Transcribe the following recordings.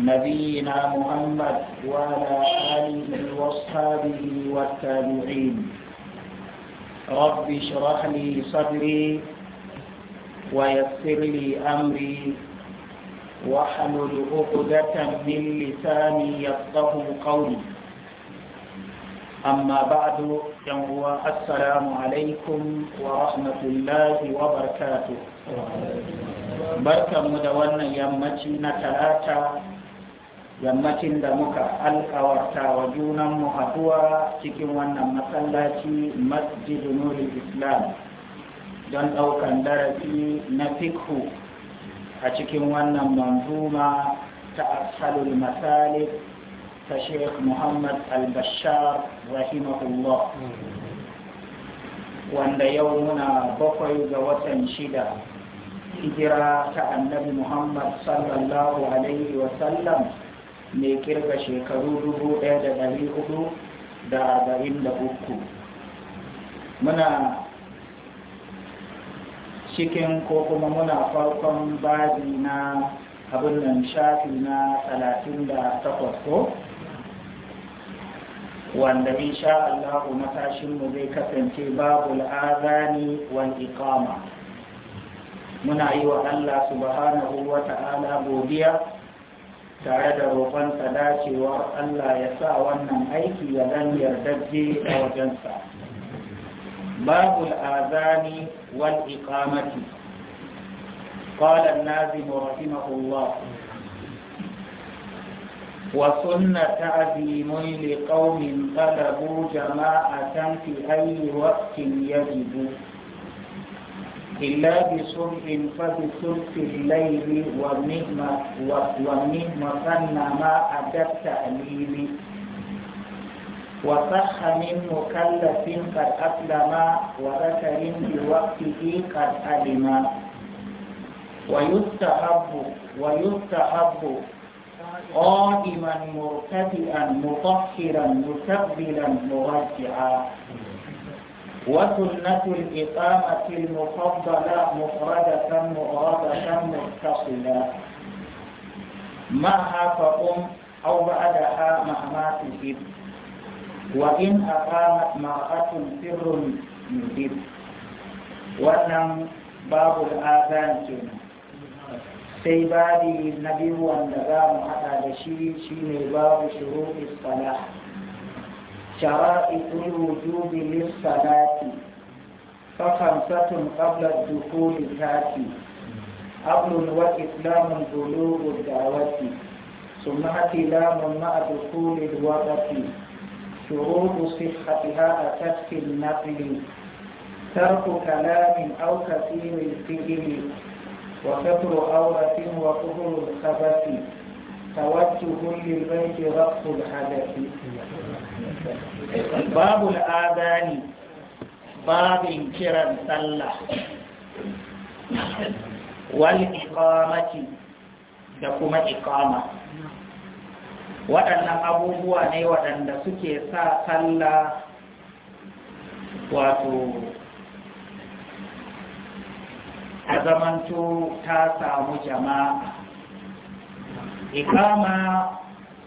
نبينا محمد وعلى آله وأصحابه والتابعين رب اشرح لي صدري ويسر لي أمري واحلل عقدة من لساني يفقه قولي أما بعد فهو السلام عليكم ورحمة الله وبركاته بركة مدونة يمتي نتلاتا yammacin da muka alkawarta wa junanmu haduwa cikin wannan masallaci masjid Nuri islam don ɗaukan darasi na fikhu a cikin wannan manzuma ta asalul masalik ta sheikh muhammad al-bashar rahimahullah wanda yau muna bakwai ga watan shida hijira ta annabi muhammad sallallahu alaihi wasallam mai kirka shekaru dubu ɗaya da ɗari hudu da arba'in da uku muna cikin ko kuma muna farkon bazi na abin nan shafi na talatin da takwas ko wanda insha Allah matashinmu zai kasance babu al'azani wal iqama muna yi wa Allah subhanahu wa ta'ala godiya tare da roƙonsa dacewar Allah ya sa wannan aiki ya zan yardajje a wajensa. Babu al'azani wal iqamati قال النازم رحمه الله وسن تعظيم لقوم طلبوا جماعة في أي وقت يجب إلا بصرف فبصرف الليل ومهما ومهما فن ما أتى التأليل وصح من مكلف قد أسلم وذكر بوقته قد ألم ويستحب ويستحب قائما مرتدئا مطهرا مستقبلا مرجعا وسنة الإقامة المفضلة مفردة مغردة متصلة معها فأم أو بعدها مهما تجب وإن أقامت مرأة سر مجب ونم باب الآذان كنا سيبادي النبي وأن دقام هذا شيء شيء باب شروط الصلاة شرائط الوجوب للصلاة فخمسة قبل الدخول هاتي قبل وإسلام بلوغ الدعوة ثم لام مع دخول الوضع شروط صحتها أتت في النقل ترك كلام أو كثير الفعل وستر عورة وكفر الخبث توجه للبيت رفع الحدث babu al'adani babin kiran sallah wani ikamaki da kuma ikama. waɗannan abubuwa ne waɗanda suke sa sallah wato a zamanto ta samu jama'a ikama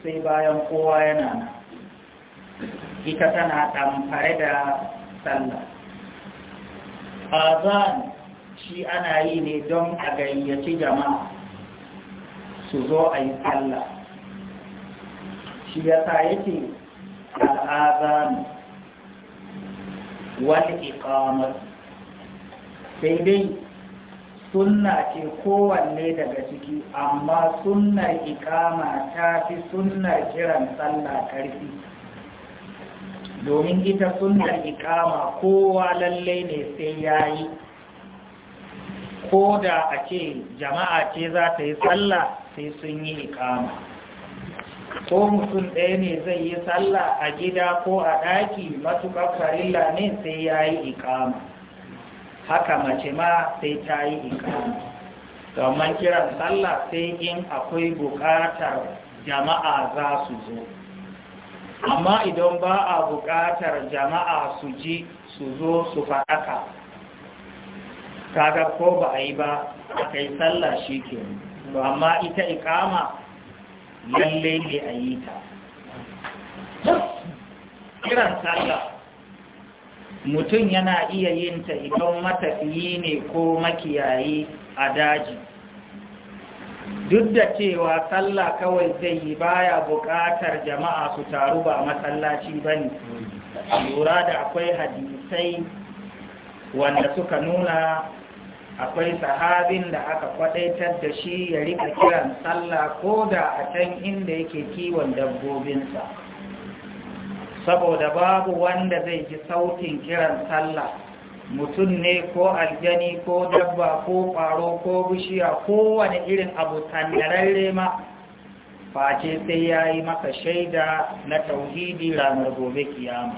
sai bayan kowa yana nan ita tana ɗamfare da sallah azan shi ana yi ne don a gayyaci jama'a su zo a yi sallah shi ya sa yake al'azan wani ikamar sai dai sunna ce kowanne daga ciki amma sunnar ikama ta fi sunnar kiran sallah ƙarfi. domin ita sunnar ikama kowa lallai ne sai yayi ko da a ce jama'a ce za ta yi sallah sai sun yi ikama ko mutum ɗaya ne zai yi sallah a gida ko a ɗaki matuƙar farilla ne sai ya yi ikama haka mace ma sai ta yi ikama domin kiran sallah sai in akwai buƙatar jama'a za su zo amma idan ba a buƙatar jama'a su ji su zo su faɗaka kaga ko ba a yi ba a kai sallah shi ke to amma ita ikama lalle ne a yi ta kiran sallah mutum yana iya yin ta idan matafiyi ne ko makiyayi a daji duk da cewa sallah kawai zai yi baya buƙatar jama'a su taru ba masallaci ba ne lura da akwai hadisai wanda suka nuna akwai sahabin da aka kwadaitar da shi ya riƙa kiran sallah ko da a can inda yake kiwon dabbobinsa saboda babu wanda zai ji sautin kiran sallah mutum ne ko aljani ko dabba ko ƙwaro ko bishiya kowane irin abu tandararre ma face sai ya yi maka shaida na tauhidi ranar gobe kiyama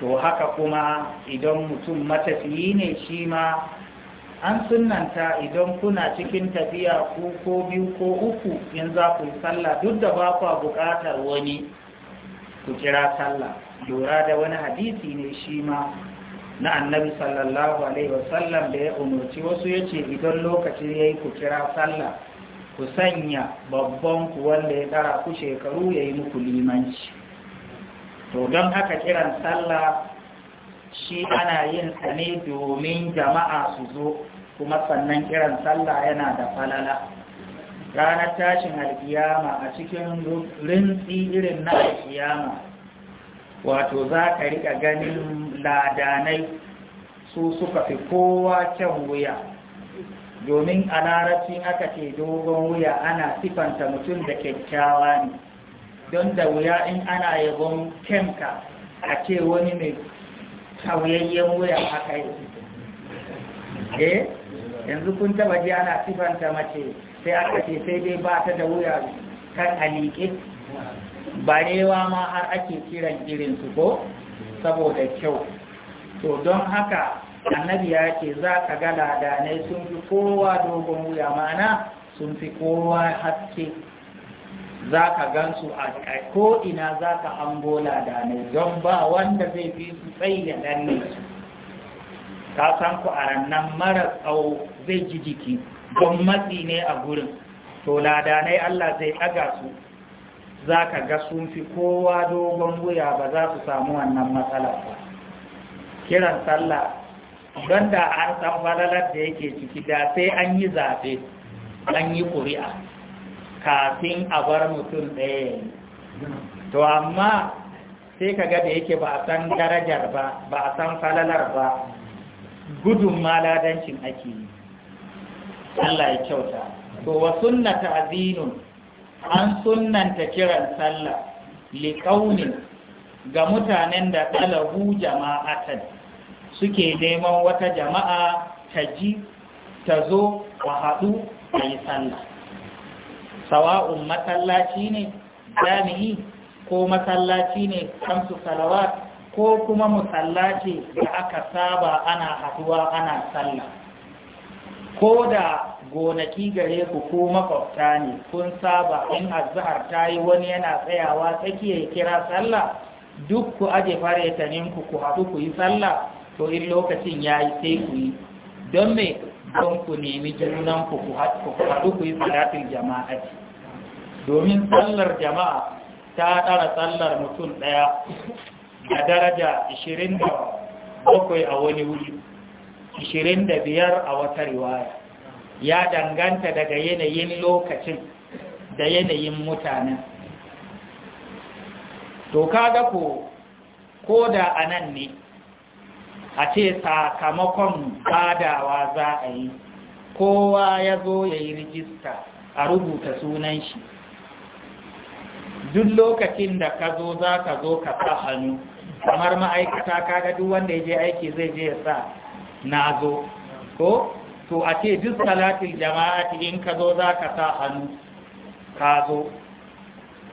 to haka kuma idan mutum matafiyi ne shi ma an sunanta idan kuna cikin tafiya ku ko biyu ko uku in za ku yi sallah duk da ba kwa buƙatar wani ku kira sallah lura da wani hadisi ne shi ma na annabi sallallahu alaihi wasallam da ya umarci wasu ya ce idan lokaci ya yi ku kira sallah ku sanya babban ku wanda ya ɗara ku shekaru ya yi muku limanci to don haka kiran sallah shi ana yin sa ne domin jama'a su zo kuma sannan kiran sallah yana da falala ranar tashin alkiyama a cikin rintsi irin na alkiyama wato za ka riƙa ganin ladanai su suka fi kowa can wuya domin a larabci aka ce dogon wuya ana sifanta mutum da kyakkyawa ne don da wuya in ana yabon kyanka a ce wani mai tauyayyen wuya aka yi eh yanzu kun taba ji ana sifanta mace sai aka ce sai dai ba ta da wuya kan alike barewa ma har ake kiran irin su ko saboda kyau to don haka annabi ya ce za ka ga ladanai sun fi kowa dogon wuya mana sun fi kowa haske za ka gansu a ko'ina za ka hango ladanai don ba wanda zai fi su tsaye da danne su ka san ku a rannan mara tsawo zai ji jiki don matsi ne a gurin to ladanai allah zai ɗaga su za ka ga sun fi kowa dogon wuya ba za su samu wannan matsala ba kiran sallah don da an san falalar da yake ciki da sai an yi zaɓe an yi ƙuri'a kafin a bar mutum ɗaya to amma sai ka ga da yake ba a san darajar ba ba a san falalar ba gudun maladancin ake yi Allah ya kyauta to wa sunna azinun an sunanta kiran sallah liƙaunin ga mutanen da ɗalahu jama'atan suke neman wata jama'a ta ji ta zo wa haɗu a yi sallah sawa'un masallaci ne jami'i ko masallaci ne kamsu salawat ko kuma musallaci da aka saba ana haɗuwa ana sallah ko da gonaki gare ku ko makwabta ne kun saba in azhar ta yi wani yana tsayawa tsakiya ya kira sallah duk ku aje faretanin ku ku haɗu ku yi sallah to in lokacin ya yi sai ku yi don me don ku nemi junan ku ku haɗu ku yi salatul jama'a domin sallar jama'a ta ɗara sallar mutum ɗaya a daraja 27 a wani wuri 25 a wata riwaya ya danganta daga yanayin lokacin da yanayin mutane. to ga ko ko da a nan ne a ce sakamakon badawa za a yi kowa ya zo ya yi rijista a rubuta sunan shi duk lokacin da ka zo za ka zo ka sa hannu kamar ma'aikata kaga duk wanda ya je aiki zai je ya sa na zo ko to a ce duk salatin jama'ati in ka zo za ka sa hannu ka zo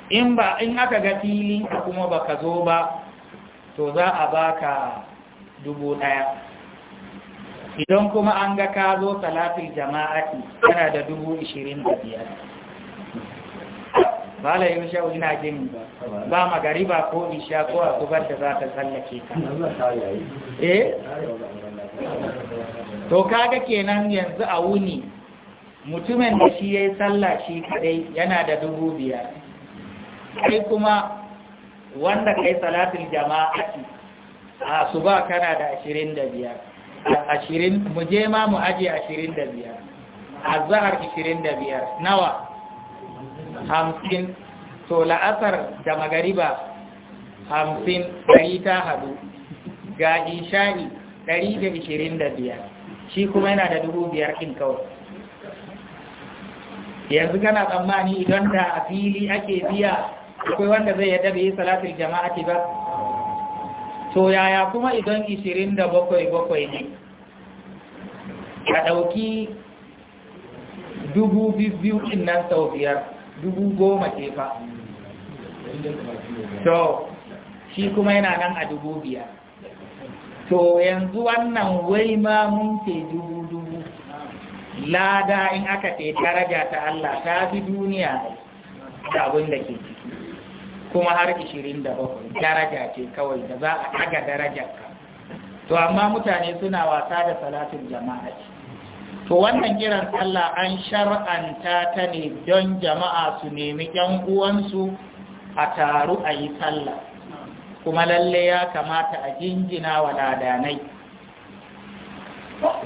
in ba in aka ga filin ka kuma ba ka zo ba to za a baka dubu ɗaya idan kuma an ga ka zo salatin jama'ati yana da dubu ishirin da biyar ba la yi sha'u ina jin ba Ba magariba ko isha ko a gubar da za ta tsallake ka eh to kaga kenan yanzu a wuni mutumin da shi ya yi sallah shi kadai yana da dubu biyar kai kuma wanda kai salatul jama'ati a su ba kana da ashirin da biyar ashirin mu je ma mu aje ashirin da biyar a zahar ashirin da biyar nawa hamsin to la'asar da magariba hamsin ɗari ta hadu ga isha'i ɗari da ashirin da biyar shi kuma yana da dubu biyar ɗin kawai yanzu kana tsammani idan da a fili ake biya akwai wanda zai yadda bai yi salatul jama'a ce ba to yaya kuma idan ishirin da bakwai bakwai ne ka ɗauki dubu biyu ɗin nan sau biyar dubu goma ke fa to shi kuma yana nan a dubu biyar to yanzu wannan wai ma mun ce dubu dubu lada in aka ce daraja ta Allah ta fi duniya da abin da ke ciki kuma har 27 daraja ce kawai da za a daga darajar ka to amma mutane suna wasa da salatin jama'a ce to wannan kiran Allah an shar'anta ta ne don jama'a su nemi 'yan uwansu a taru a yi sallah kuma lalle ya kamata a jingina wa ladanai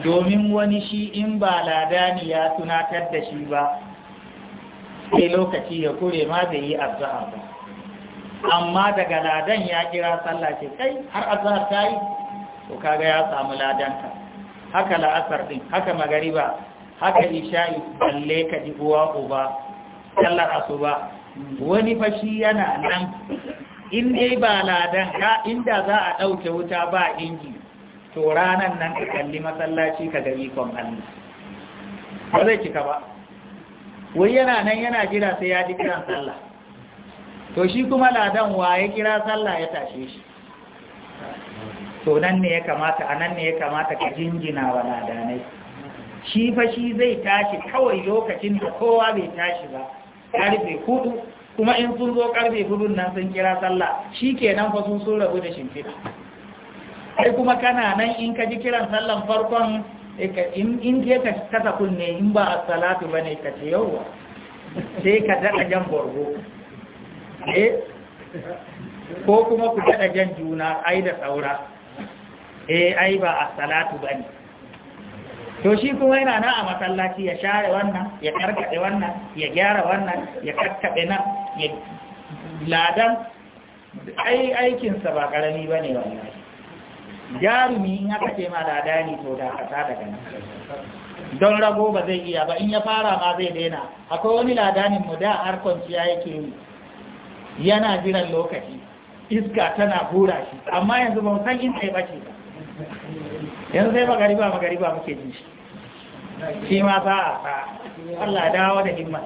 domin wani shi in ba ladani ya tunatar da shi ba sai lokaci ya kure ma zai yi azhar ba amma daga ladan ya kira sallah ce kai har azhar ta yi to kaga ya samu ladanka haka la'asar din haka magariba haka isha'i balle ka ji uwa uba sallar asuba wani fashi yana nan in dai ba ladan ka inda za a ɗauke wuta ba inji to ranan nan ka kalli masallaci ka ga ikon Allah ba zai cika ba wai yana nan yana jira sai ya ji kiran sallah to shi kuma ladan wa ya kira sallah ya tashe shi to nan ne ya kamata a nan ne ya kamata ka jingina wa ladanai shi fa shi zai tashi kawai lokacin da kowa bai tashi ba karfe hudu kuma in sun zo karfe hudun nan sun kira sallah shi kenan fa sun sun rabu da shimfiɗa sai kuma kana nan in ka ji kiran sallan farkon eh, in ke ka kasa kunne in ba a salatu ba ne ka ce yauwa sai ka daɗa jan borgo eh, ko kuma ku daɗa jan juna ai da saura eh ai ba a salatu ba ne to shi kuma yana na a masallaci ya share wannan ya karkaɗe wannan ya gyara wannan ya karkaɗe nan ya ladan ai aikinsa ba ƙarami ba ne wani. jarumi in aka ce ma lada ne to da kasa daga nan don rago ba zai iya ba in ya fara ma zai daina akwai wani ladanin mu da har kwanciya yake yi yana jiran lokaci iska tana hura shi amma yanzu ba mu san in tsaye ce. yanzu sai magari ba muke ji shi shi ma sa'a sa'a Allah dawo da himma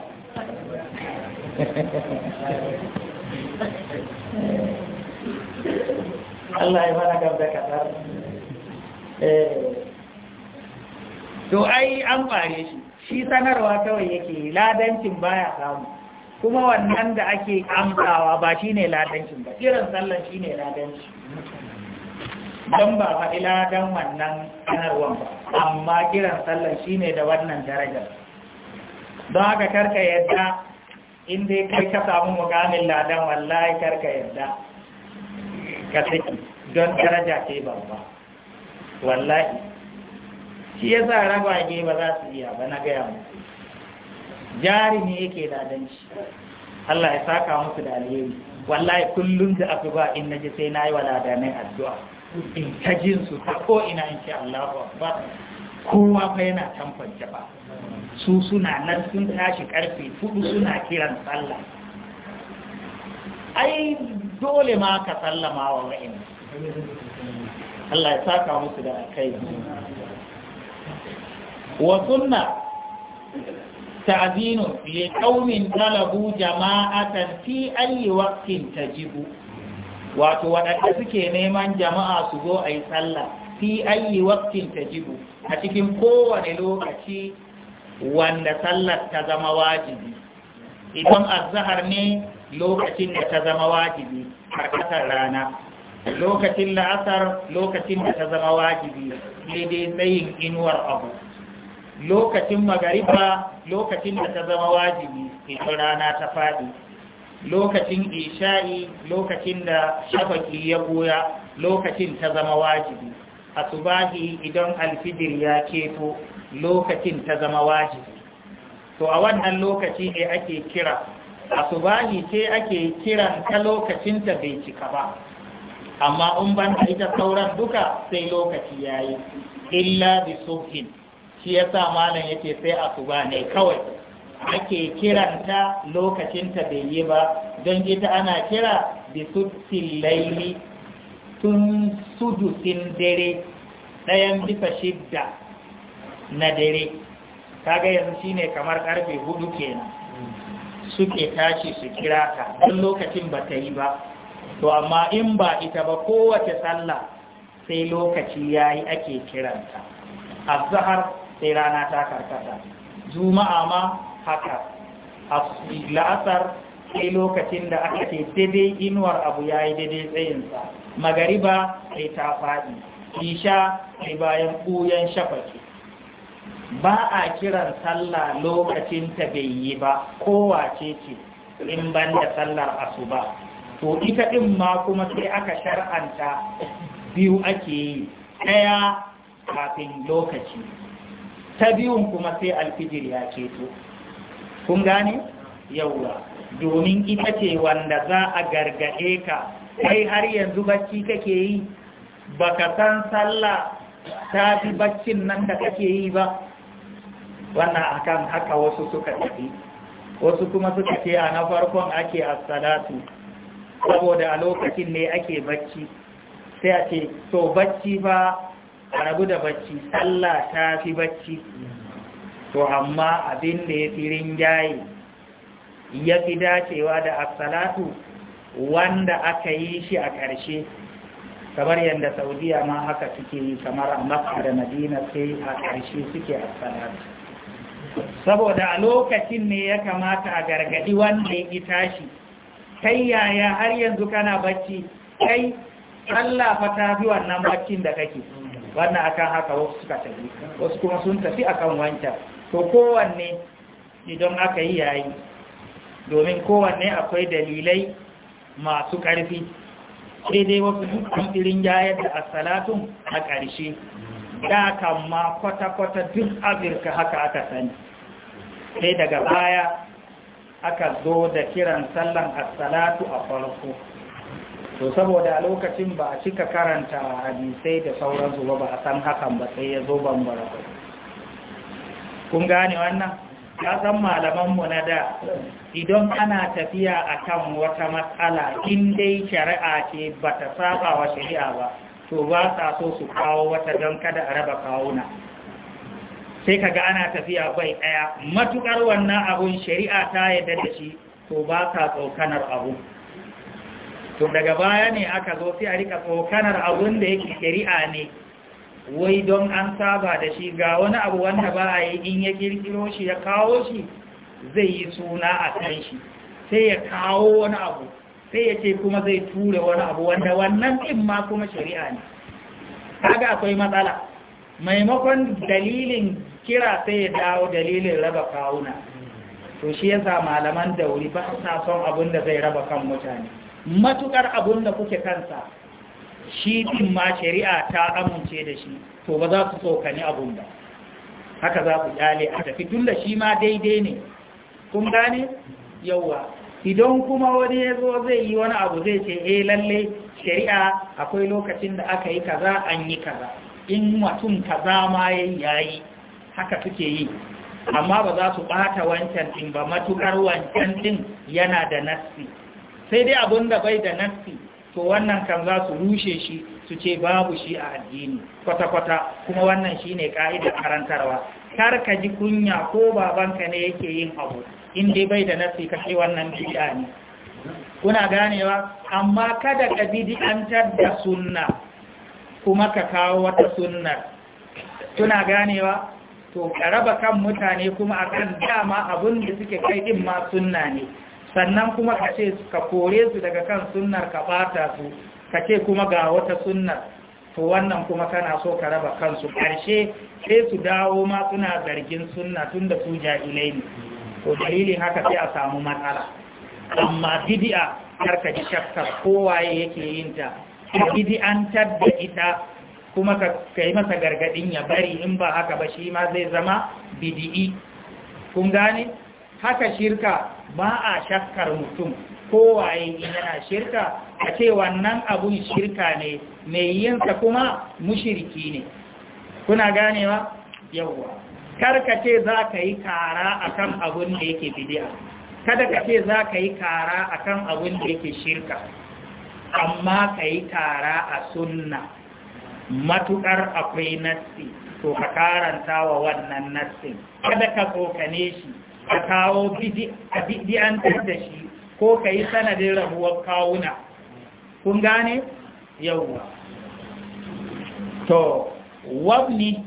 Allah ya fara gab da kasar eh. to ai an fare shi shi sanarwa kawai yake ladancin baya samu kuma wannan da ake amsawa ba shine ladancin ba Kiran sallan shine ladancin don ba faɗi don wannan kanarwa ba amma kiran sallar shi ne da wannan darajar don haka karka yadda inda kai ka samu mukamin ladan wallahi karka yadda ka saki don daraja ke babba wallahi shi ya sa raba ke ba za su iya ba na gaya Jari ne yake shi. Allah ya saka musu da alheri wallahi kullum da ba in na naji sai na yi nayi waladanai addu'a in ta jin su ta ko ina in Allahu kowa fa yana tamfance ba su suna nan sun tashi karfe fudu suna kiran sallah ai dole ma ka sallamawa wa wa'in Allah ya saka musu da kai wa sunna ta'zinu li ƙaunin talabu jama'atan fi ayi waqtin tajibu wato waɗanda suke neman jama'a su zo a yi sallah fi ayi waktin ta jibu a cikin kowane lokaci wanda sallar ta zama wajibi idan azahar ne lokacin da ta zama wajibi har rana lokacin la'asar lokacin da ta zama wajibi daidai tsayin inuwar abu lokacin magariba lokacin da ta zama wajibi ita rana ta faɗi lokacin isha'i lokacin da shafaki ya goya lokacin ta zama wajibi A asubahi idan alfijir ya keto lokacin ta zama wajibi to a wannan lokaci ne ake kira asubahi ce ake kiran ta lokacin ta bai cika ba amma in ban da ita sauran duka sai lokaci yayi illa bi subhin shi yasa malam yake sai a asuba ne kawai ake kiranta lokacinta bai yi ba don ita ana kira bisutin laili tun sudusin dare ɗayan bisa shidda na dare ga yanzu shi ne kamar karfe hudu kenan suke tashi su kira ka don lokacin ba ta yi ba to amma in ba ita ba kowace sallah sai lokaci ya yi ake kiranta zahar sai rana ta karkata juma'a ma haka a la'asar sai lokacin da aka ce daidai inuwar abu ya yi daidai tsayinsa magariba sai ta faɗi isha sai bayan ɓuyan shafaki ba a kiran sallah lokacin ta bai yi ba kowace ce in ban da sallar asu ba, to ita ɗin ma kuma sai aka shar'anta biyu ake yi ɗaya kafin lokaci ta biyun kuma sai alfijir ya ceto kun gane yauwa domin ita ce wanda za a gargaɗe ka kai har yanzu bacci kake yi baka san sallah ta fi baccin nan da kake yi ba wannan akan haka wasu suka tafi wasu kuma suka ce a na farkon ake assalatu saboda a lokacin ne ake bacci sai a ce to bacci ba a rabu da bacci sallah ta fi bacci to amma abin da ya fi rinjaye ya fi dacewa da asalatu wanda aka yi shi a ƙarshe kamar yadda saudiya ma haka suke yi kamar a makka da madina sai a ƙarshe suke asalatu. saboda a lokacin ne ya kamata a gargadi wanda ya tashi kai yaya har yanzu kana bacci kai Allah fa ta fi wannan baccin da kake wannan akan haka wasu suka tafi wasu kuma sun tafi akan wancan to kowanne idan aka yi yayi domin kowanne akwai dalilai masu ƙarfi sai dai wasu dukkan irin yayar da asalatun a ƙarshe da kan ma kwata-kwata duk afirka haka aka sani sai daga baya aka zo da kiran sallan asalatu a farko to saboda a lokacin ba a cika karanta hadisai da sauransu ba ba a san hakan ba sai ya zo bambara ba kun gane wannan ya san malamanmu na da idan ana tafiya a kan wata matsala in dai shari'a ce ba ta saba wa shari'a ba to ba sa so su kawo wata don kada a raba kawuna sai kaga ana tafiya bai ɗaya. Matuƙar wannan abun shari'a ta yadda da shi to ba sa tsokanar abu to daga baya ne aka zo sai a rika tsokanar abun da yake shari'a ne wai don an saba da shi ga wani abu wanda ba a yi in ya kirkiro shi ya kawo shi zai yi suna a kan shi sai ya kawo wani abu sai ya ce kuma zai ture wani abu wanda wannan ɗin ma kuma shari'a ne kaga akwai matsala maimakon dalilin kira sai ya dawo dalilin raba kawuna to shi ya sa malaman dauri ba sa son abin da zai raba kan mutane matukar abin da kuke kansa shi din ma shari'a ta amince da shi to ba za su tsokani abun ba haka za ku kyale a tafi tunda shi ma daidai ne kun gane yawa idan kuma wani ya zo zai yi wani abu zai ce eh lalle shari'a akwai lokacin da aka yi kaza an yi kaza in mutum kaza ma yayi haka suke yi amma ba za su bata wancan din ba matukar wancan din yana da nassi sai dai abun da bai da nassi to wannan kan za su rushe shi su ce babu shi a addini kwata-kwata kuma wannan shi ne ƙa'idar karantarwa kar ka ji kunya ko babanka ne yake yin abu in dai bai da nasi ka ce wannan bidiya ne kuna ganewa amma kada ka bid'antar da sunna kuma ka kawo wata sunnar kuna ganewa to ka raba kan mutane kuma akan dama abin da suke kai ɗin ma sunna ne sannan kuma ka ce ka kore su daga kan sunnar ka bata su ka ce kuma ga wata sunnar to wannan kuma kana so ka raba kansu ƙarshe sai su dawo ma suna zargin sunna tun da su jahilai ne to dalilin haka sai a samu matsala amma bidi'a kar ka ji shakkar kowaye yake yin ta bidi'antar da ita kuma ka yi masa gargadin ya bari in ba haka ba shi ma zai zama bidi'i kun gane haka shirka ba a shakkar mutum kowaye yana shirka a ce wannan abun shirka ne mai yinsa kuma mushirki ne kuna ganewa ka ce za ka yi kara akan abun da yake bidiya kada ka ce za ka yi kara akan abun da yake shirka amma ka yi kara a sunna matukar akwai nassi to ka karanta wa wannan nassin kada ka kokane shi ka kawo bidiyan da shi ko ka yi sanadin rabuwar kawuna kun gane yauwa to wabni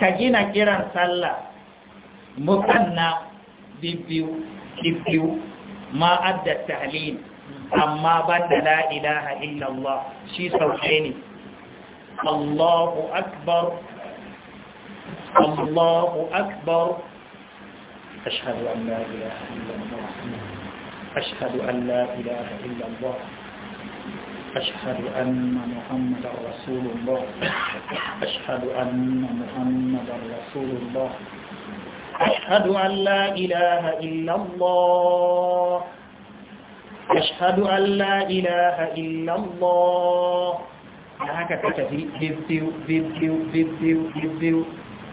ka gina kiran sallah mukanna bibbiyu bibbiyu ma adda tahlil amma banda la ilaha illallah shi sauke ne Allahu akbar الله أكبر أشهد أن لا إله إلا الله أشهد أن لا إله إلا الله أشهد أن محمد رسول الله أشهد أن محمد رسول الله أشهد أن لا إله إلا الله أشهد أن لا إله إلا الله هكذا تكفي بذيو بذيو بذيو بذيو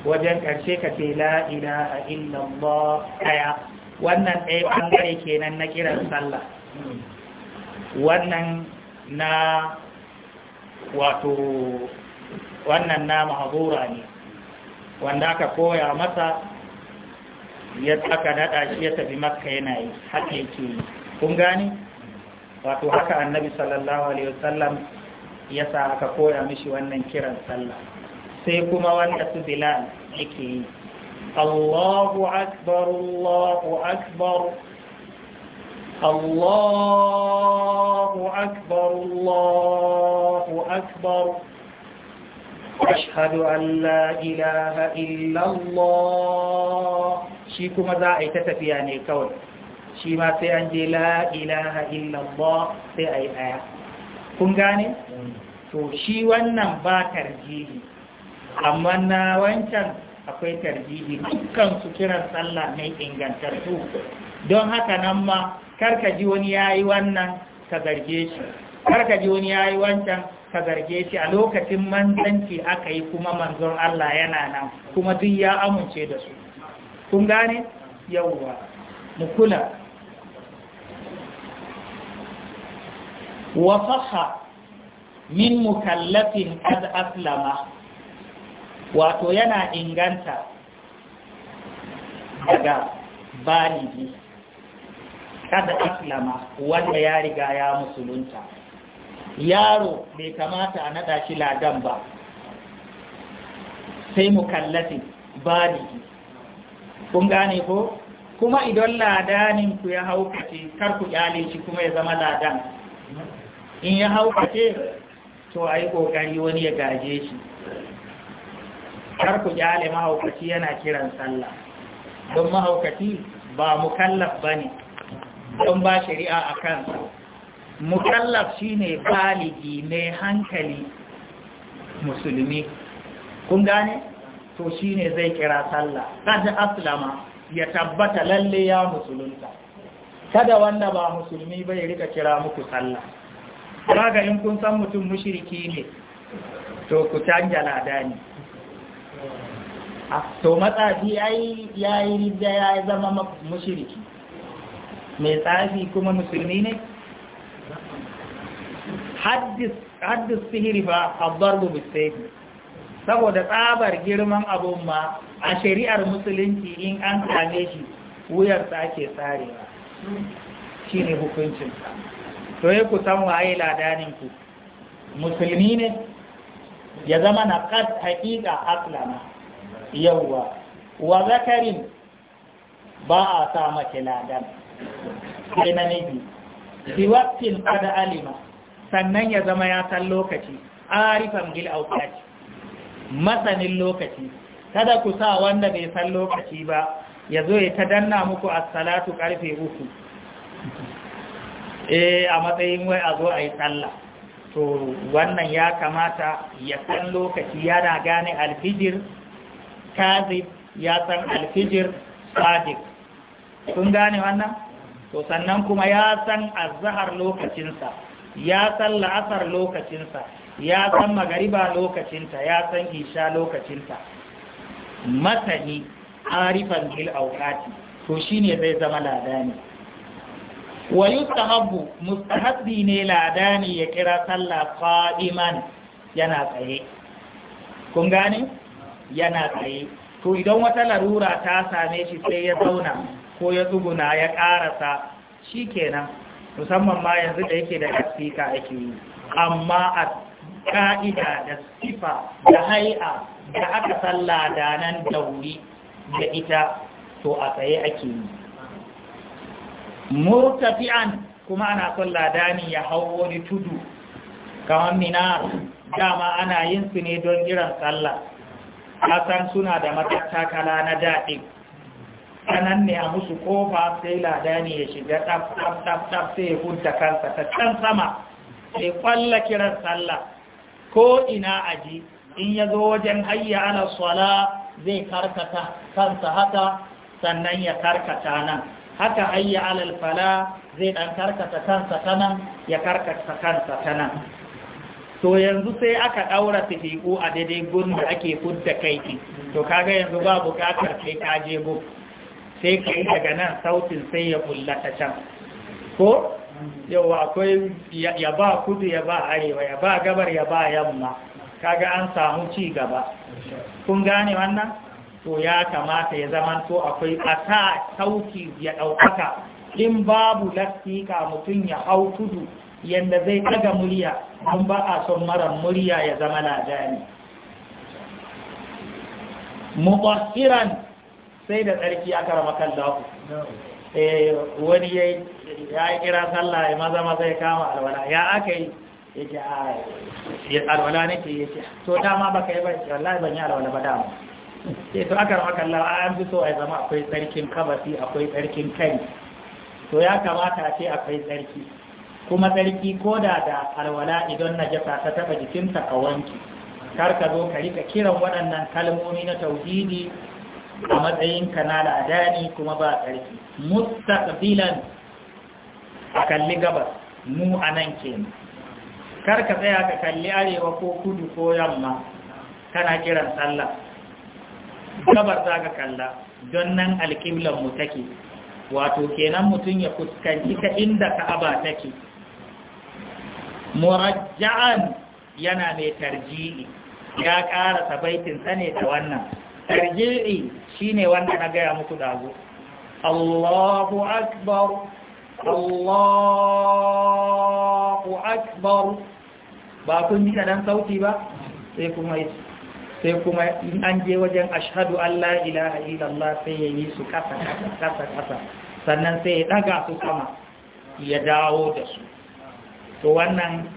wajen ƙarshe ka ce a ilaha illallah ɗaya wannan ɗaya ɓangare kenan na kiran sallah wannan na wato wannan na mahazura ne wanda aka koya masa ya aka daɗa shi ya tafi makka yana yi haka yake yi kun gani wato haka annabi sallallahu alaihi wasallam ya sa aka koya mishi wannan kiran sallah سيكون وانت سبلا لكي الله أكبر الله أكبر الله أكبر الله أكبر أشهد أن لا إله إلا الله شيكو ماذا أي تتفي عن الكون شيما سيأن دي لا إله إلا الله سيأي آية كم قاني؟ تو شي وانا باكر جيهي amma na wancan akwai tarjihi dukkan su kiran sallah mai ingantattu don haka nan ma karka ji wani yayi wannan ka zarge shi karka ji wani yayi wancan ka zarge shi a lokacin manzanci aka yi kuma manzon Allah yana nan kuma duk ya amince da su kun gane yawwa mu kula wa min mukallafin qad aslama wato yana inganta daga baliji, kada aslama wanda ya riga ya musulunta yaro bai kamata a nada shi ladan ba sai mu kallafi baliji. kun gane ko kuma idan ladanin ku ya haukace kar ku kyale shi kuma ya zama ladan in ya haukace to a yi ƙoƙari wani ya gaje shi kar ku kyale mahaukaci yana kiran sallah don mahaukaci ba mukallaf ba ne, don ba shari'a a kansa mukallaf shi ne baligi mai hankali musulmi kun gane to shi ne zai kira sallah kada aslama ya tabbata lalle ya musulunta kada wanda ba musulmi ba ya rika kira muku sallah ga in kun san mutum mushiriki ne to ku canja ladani Ah, to matsafi ya yayi ridda ya zama mashiriki mai tsafi kuma musulmi ne haddis sihiri fa abdarbu bisayfi saboda tsabar girman abun ma a shari'ar musulunci in an kame shi wuyarsa ake tsarewa shi ne hukuncinsa to yi ku san waye ladaninku musulmi ne ya zama na kad haƙiƙa aslama yawwa wa zakarin ba a sa mace ladan sai namiji fi waqtin qad alima sannan ya zama ya san lokaci arifan bil awqat masanin lokaci kada ku sa wanda bai san lokaci ba ya zo ya ta danna muku a salatu karfe uku eh a matsayin wai a zo a yi sallah to wannan ya kamata ya san lokaci yana gane alfijir kazib ya san alfijir sadik sun gane wannan to sannan kuma ya san azhar lokacinsa ya san la'asar lokacinsa ya san magariba lokacinta ya san isha lokacinta masani arifan bil aukati, to shine zai zama ladani wa yustahabbu mustahabbi ne ladani ya kira sallah qa'iman yana tsaye kun gane yana tsaye to idan wata larura ta same shi sai ya zauna ko ya tsuguna ya karasa kenan, musamman ma yanzu da yake da kasika ake yi amma a ka'ida da sifa da hai'a da aka sallah da nan da da ita to a tsaye ake yi murtafi'an kuma ana son ladani ya hau wani tudu kamar minar dama ana yin su ne don jiran sallah kasan suna da matattakala na daɗi kanan ne a musu kofa sai ladani ya shiga tsaf-tsaf sai ya hunta kansa ta can sama sai kwalla kiran sallah ko ina aji in ya zo wajen hayya ala sola zai karkata kansa haka sannan ya karkata nan haka ayya alal fala zai dan karkata kansa tanan ya karkata kansa tanan to yanzu sai aka daura fifiku a daidai gurin da ake fudda kaiki to kaga yanzu ba bukatar kai ka je go sai ka yi daga nan sautin sai ya kullata can ko yawa akwai ya ba kudu ya ba arewa ya ba gabar ya ba yamma kaga an samu ci gaba kun gane wannan to ya kamata ya to akwai a sauki ya ɗaukaka in babu lastika mutum ya hau tudu yadda zai ɗaga murya don ba a son mara murya ya zama lajani mubassiran sai da tsarki aka rama kallahu eh, wani ya kira sallah ya maza maza ya kama alwala ya aka yi ya ce alwala nake ya ce to dama baka yi ba wallahi ban yi alwala ba dama ke eh, to aka raka Allah an fi so a zama akwai tsarkin kabasi akwai tsarkin kai to ya kamata a ce akwai tsarki kuma tsarki ko da da alwala idan najasa ta taba jikinta a wanki kar ka zo ka rika kiran waɗannan kalmomi na tauhidi a matsayin ka na ladani kuma ba tsarki mustaqbilan a kalli gabas mu anan kenan kar ka tsaya ka kalli arewa ko kudu ko yamma kana kiran sallah kabar za ka kalla don nan alƙiblan mu take wato kenan mutum ya fuskanci ta inda ka'aba take murajja'an yana mai tarji'i ya ƙara sabaitin sane da wannan tarji'i ne wanda na gaya muku dago Allahu akbar Allahu akbar ba kun ji ka dan sauti ba sai kuma yi sai kuma in an je wajen ashadu Allah ilaha illallah sai ya yi su kasa kasa kasa sannan sai ya ɗaga su sama ya dawo da su to wannan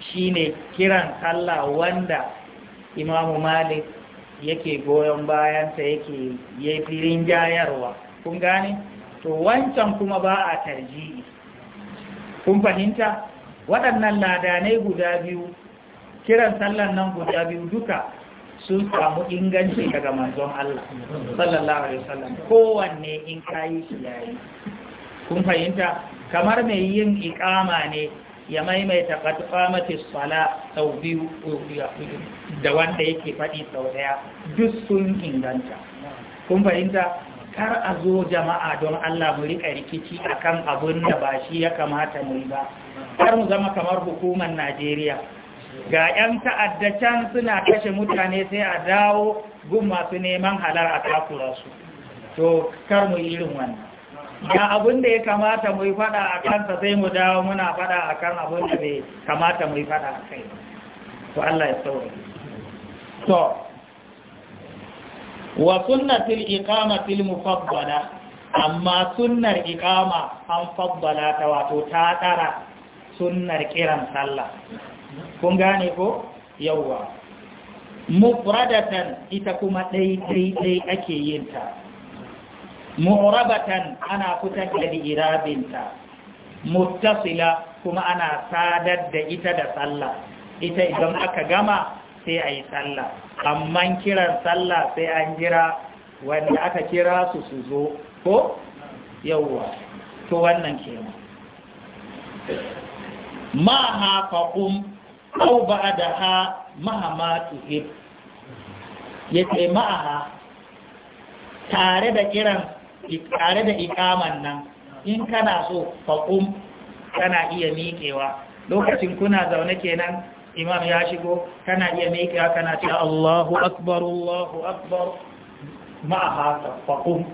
shine kiran allah wanda Imam Malik yake goyon bayansa yake yafi rinjayarwa kun gane to wancan kuma ba a tarji'i kun fahimta waɗannan ladanai guda biyu kiran sallan nan guda biyu duka sun samu inganci daga manzon Allah sallallahu alaihi wasallam kowanne in kayi shi yayi kun fahimta kamar mai yin ikama ne ya maimaita qamati sala sau biyu da wanda yake faɗi sau daya duk sun inganta kun fahimta kar a zo jama'a don Allah mu rika rikici akan abun da ba shi ya kamata mu yi ba kar mu zama kamar hukumar Najeriya ga 'yan ta'adda can suna kashe mutane sai a dawo gun masu neman halar a takura su to kar mu irin wannan ga abin da ya kamata mu yi fada a kansa sai mu dawo muna fada a kan abin da bai kamata mu yi fada a kai to Allah ya saurari to wa sunnatul iqamatil mufaddala amma sunnar iqama an faddala ta wato ta tsara sunnar kiran sallah kun gane ko yawwa mufradatan ita kuma ɗai ake yin ta mu'rabatan ana fitar da irabinta muttasila kuma ana sadar da ita da sallah ita idan aka gama sai ayi sallah amma kiran sallah sai an jira wanda aka kira su su zo ko yawwa to wannan kenan ma ha faƙum au ba da ha mahama tuhib ya ce ma'aha tare da kiran tare da ikaman nan in kana so faƙum kana iya miƙewa lokacin kuna zaune kenan imam ya shigo kana iya miƙewa kana ce Allahu akbar Allahu akbar ma'aha faƙum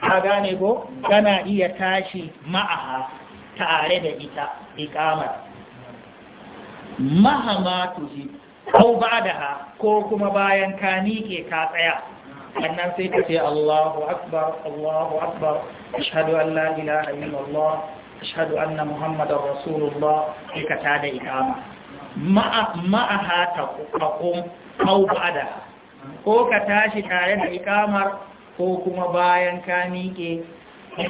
ka gane ko kana iya tashi ma'aha tare da ita iqamar mahama tuhi ko ha ko kuma bayan ka nike ka tsaya sannan sai ka ce Allahu akbar Allahu akbar ashhadu an la ilaha illallah ashhadu anna muhammadar rasulullah sai ka tada iqama ma'a ma'aha taqum ko ba'daha ko ka tashi tare da ikamar ko kuma bayan ka miƙe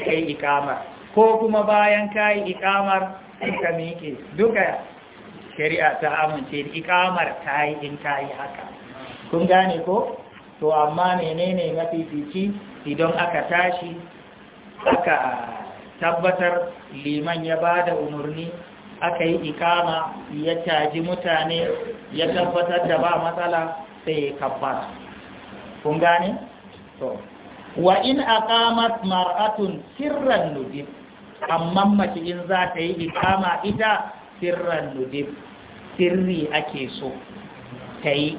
kai ikamar ko kuma bayan kayi ikamar ka miƙe duka shari'a ta amince ikamar kayi in kayi haka kun gane ko to amma menene mafifici idan aka tashi aka tabbatar liman ya bada umarni aka yi ikama ya caji mutane ya tabbatar da ba matsala sai ya kaffa. kun gane? to wa in aqamat mar'atun sirran nujib amma mace in za ta yi ikama ita sirran nudib sirri ake so ta yi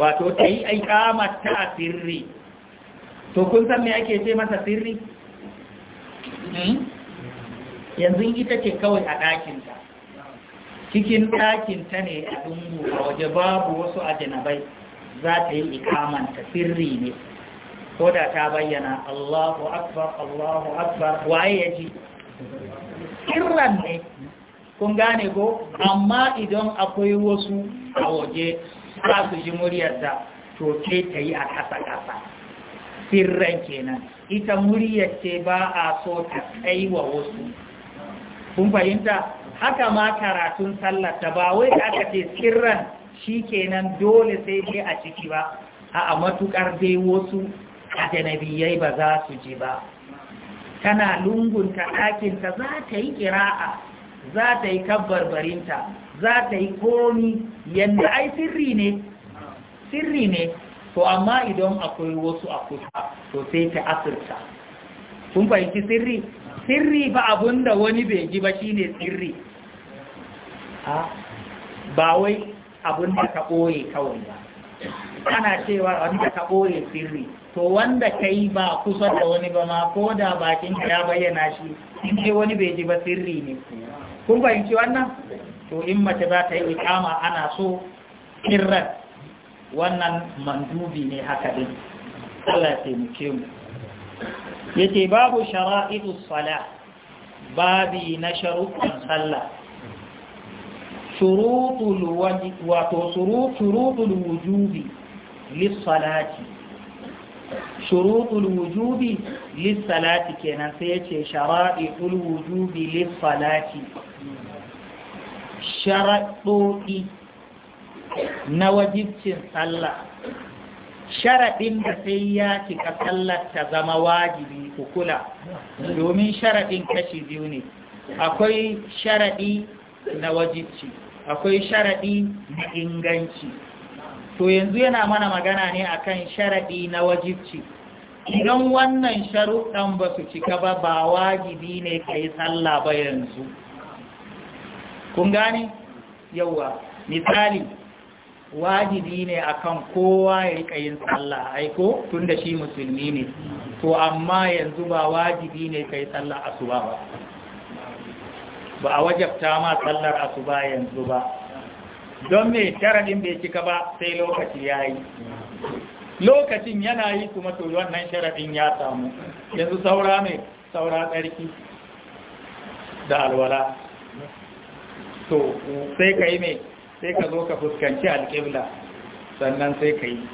wato ta yi ikama ta sirri to kun san me ake ce masa sirri hmm? yanzu ita ce kawai a ɗakinta cikin ɗakinta ne a dungu waje babu wasu ajinabai za ta yi ikamanta sirri ne ko da ta bayyana Allahu akbar Allahu akbar waye ya ji sirran ne kun gane ko amma idan akwai wasu a waje za su ji muryarta to ce ta yi a ƙasa-ƙasa sirran kenan ita muryar ce ba a so ta tsayi wa wasu kun fahimta haka ma karatun ta ba wai aka ce sirran shi kenan dole sai dai a ciki ba a matukar dai wasu a janabiyai ba za su ji ba tana lungunta ɗakinta za ta yi ƙira'a za ta yi kabbarbarinta za ta yi komi yadda ai sirri ne sirri ne to amma idan akwai wasu a kusa to sai ta asirta kun fahimci sirri sirri ba abun da wani bai ji ba shine sirri ba wai abun da ka ɓoye kawai ba ana cewa wani da ka ɓoye sirri to wanda kai ba kusa da wani ba ma ko da bakin ya bayyana shi in dai wani bai ji ba sirri ne kun fahimci wannan to in mace za ta yi ikama ana so sirran wannan mandubi ne haka din Allah ya taimake mu yace babu shara'idus sala babi na sharuɗin sallah shurutul wajibi wato shurutul wujubi lis salati shuruɗul wujubi lissalati kenan sai ya ce shara'i'ul wujubi lissalati sharaɗoɗi na wajibcin sallah sharaɗin da sai ya cika sallar ta zama wajibi kula, domin sharaɗin kashi biyu ne akwai sharaɗi na wajibci akwai sharaɗi na inganci to yanzu yana mana magana ne akan sharaɗi na wajibci idan wannan sharuɗan ba su cika ba ba wajibi ne ka yi tsalla ba yanzu kun gane yauwa misali wajibi ne akan kowa ya yi yin tsalla, aiko tun da shi musulmi ne to amma yanzu ba wajibi ne ka yi sallah asuba ba ba a wajabta ma sallar asuba yanzu ba don me sharaɗin bai cika ba sai lokaci ya yi lokacin yana yi kuma to wannan sharaɗin ya samu yanzu saura mai saura tsarki da alwala to sai ka yi mai sai ka zo ka fuskanci alƙibla sannan sai ka yi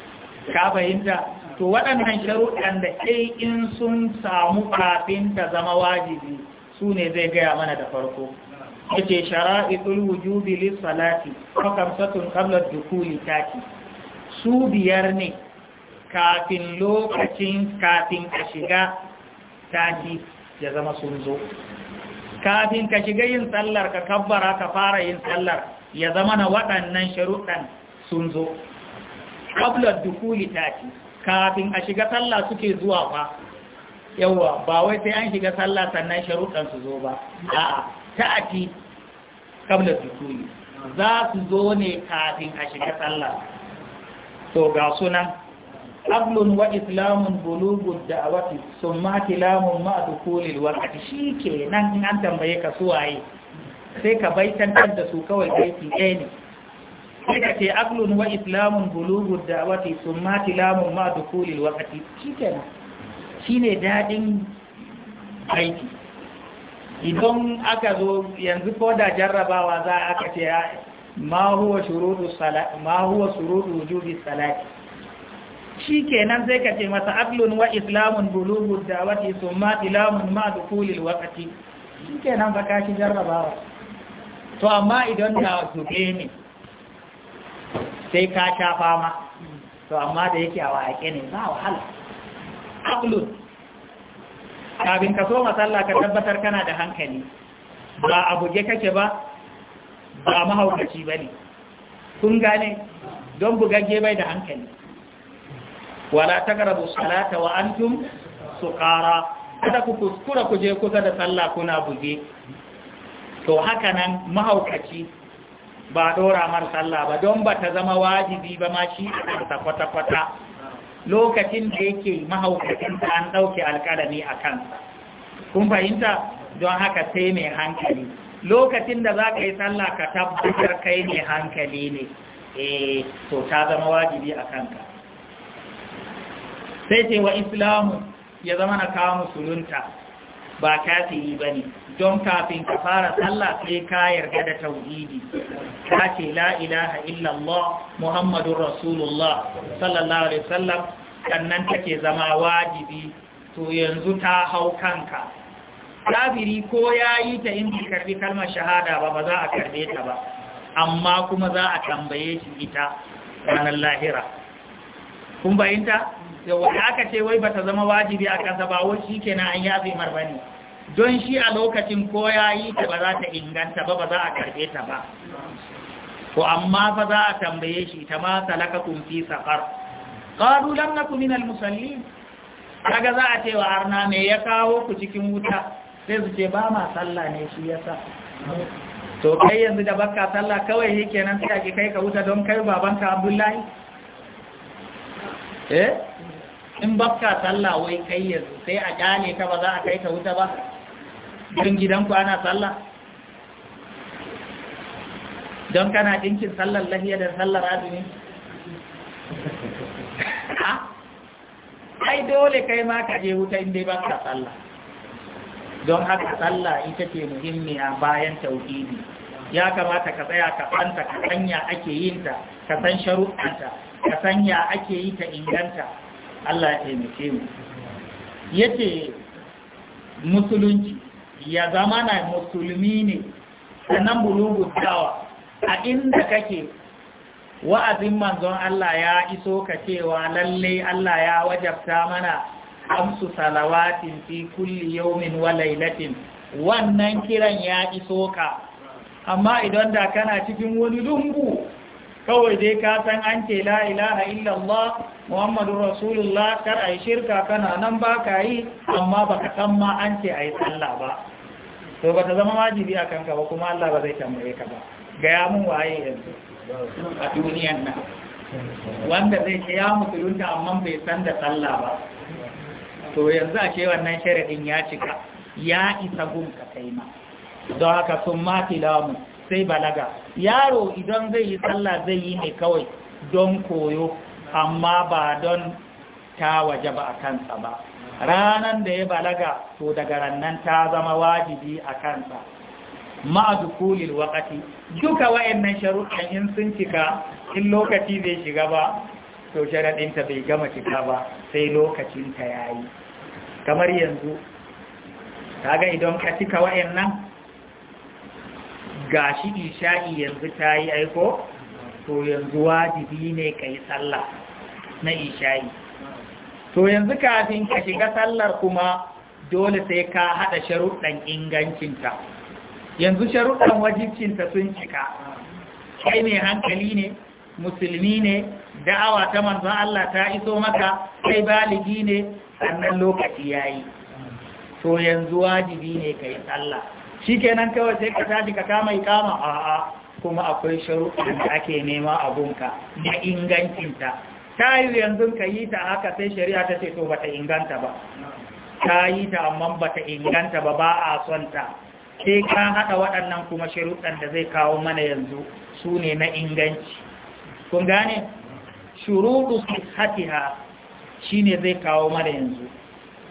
ka fahimta to waɗannan sharuɗan da ɗai in sun samu kafin ta zama wajibi su ne zai gaya mana da farko yace shara'itul wujubi lis salati fakamsatun qabla dukuli taki su biyar ne kafin lokacin kafin ka shiga taki ya zama sun zo kafin ka shiga yin sallar ka kabbara ka fara yin sallar ya zama na waɗannan sharuɗan sun zo qabla dukuli taki kafin a shiga sallah suke zuwa fa yawa ba wai sai an shiga sallah sannan sharuɗan su zo ba a'a ta'ati kabla sukuni za su zo ne kafin a shiga sallah to ga suna qablun wa islamun bulughud da'wati summa kilamun ma dukulil shi shikenan in an tambaye ka suwaye sai ka baitantar da su kawai aiki ɗaya ne sai ka ce aklun wa islamun bulughud da'wati summa kilamun ma dukulil waqti shikenan shine dadin aiki idan aka zo yanzu ko da jarrabawa za a aka ce ah, ma huwa shuruɗu wujubi salati shi kenan sai ka masa aklun wa islamun da wata sun ma ilamun ma dukulil wakati shi kenan ba kashi jarrabawa to amma idan da zube ne sai ka sha fama to amma da yake a waƙe ne ba wahala aklun kafin ka so sallah ka tabbatar kana da hankali ba a buge kake ba ba mahaukaci ba ne kun gane don bugagge bai da hankali wala ta garabu salata wa antum su kara kada ku kuskura ku je kusa da sallah kuna buge to haka nan mahaukaci ba ɗora mar sallah ba don ba ta zama wajibi ba ma shi a kwata-kwata lokacin da yake mahaukacin da an ɗauke alƙalami a kansa kun fahimta don haka sai mai hankali lokacin da za ka yi sallah ka tabbatar kai mai hankali ne eh to ta zama wajibi a kanka sai ce wa islamu ya zama na kawo musulunta ba kafiri ba ne don kafin ka fara sallah sai ka yarda da tauhidi ka ce la'ilaha illallah muhammadun rasulullah sallallahu alaihi sallam. sannan take zama wajibi to yanzu ta hau kanka kafiri ko ya yi ta in ki karbi kalmar shahada ba ba za a karbe ta ba amma kuma za a tambaye shi ita ranar lahira kun bayinta yawa aka ce wai bata zama wajibi a kansa ba wai shikenan an yafi marbani don shi a lokacin ko yayi ta ba za ta inganta ba ba za a karbe ta ba to amma fa za a tambaye shi ta ma kun fi safar qalu lam nakum min al-musallin kaga za a ce wa arna me ya kawo ku cikin wuta sai su ce ba ma sallah ne shi ya sa to kai yanzu da baka sallah kawai yake kenan sai a kai ka wuta don kai babanka Abdullahi eh in ka sallah wai kai yanzu sai a kyale ka ba za a kai ka wuta ba don gidanku ana sallah don kana dinkin sallar lahiya da sallar azumi ai dole kai ma ka je wuta inda ba ka sallah don haka sallah ita ce muhimmiya bayan tauhidi ya kamata ka tsaya ka tsanta ka sanya ake yinta ka san sharuɗanta ka sanya ake yi ta inganta Allah ya taimake mu yace musulunci ya zama na musulmi ne sannan bulugu dawa a inda kake wa'azin manzon Allah ya iso ka cewa lalle Allah ya wajabta mana amsu salawatin fi kulli yawmin wa laylatin. wannan kiran ya iso ka amma idan da kana cikin wani dungu kawai dai ka san an ce la ilaha illallah muhammadu rasulullah kar a yi shirka kana nan ba ka yi amma ba ka san ma an ce a yi tsalla ba to ba ta zama wajibi a kanka ba kuma allah ba zai tambaye ka ba gaya mun waye yanzu a duniyan nan wanda zai ce ya musulunta amma bai san da tsalla ba to yanzu a ce wannan sharaɗin ya cika ya isa gun ka kai ma don haka sun ma sai balaga yaro idan zai yi sallah zai yi ne kawai don koyo amma ba don ta waje ba a kansa ba ranan da ya balaga to daga rannan ta zama wajibi a kansa ma'adukulil wakati duka wayannan sharuɗan in sun cika in lokaci zai shiga ba to sharaɗinta bai gama cika ba sai lokacinta ya yi kamar yanzu kaga idan ka cika wayannan Ga shi isha'i yanzu ta yi aiko to yanzu wajibi ne ka yi sallah na isha'i to yanzu kafin ka shiga sallar kuma dole sai ka haɗa sharuɗan ingancinta yanzu sharuɗan wajibcinta sun cika kai mai hankali ne musulmi ne da'awa ta manzon Allah ta iso maka kai baligi ne sannan lokaci ya yi. to yanzu wajibi ne yi sallah shi kenan kawai sai ka tashi ka kama ikama a a kuma akwai sharuɗin da ake nema abunka da ingancinta ta yi yanzu ka yi ta haka sai shari'a ta ce to ba ta inganta ba ta yi ta amma ba ta inganta ba ba a son ta sai ka haɗa waɗannan kuma sharuɗan da zai kawo mana yanzu su ne na inganci kun gane shuruɗu shi shine zai kawo mana yanzu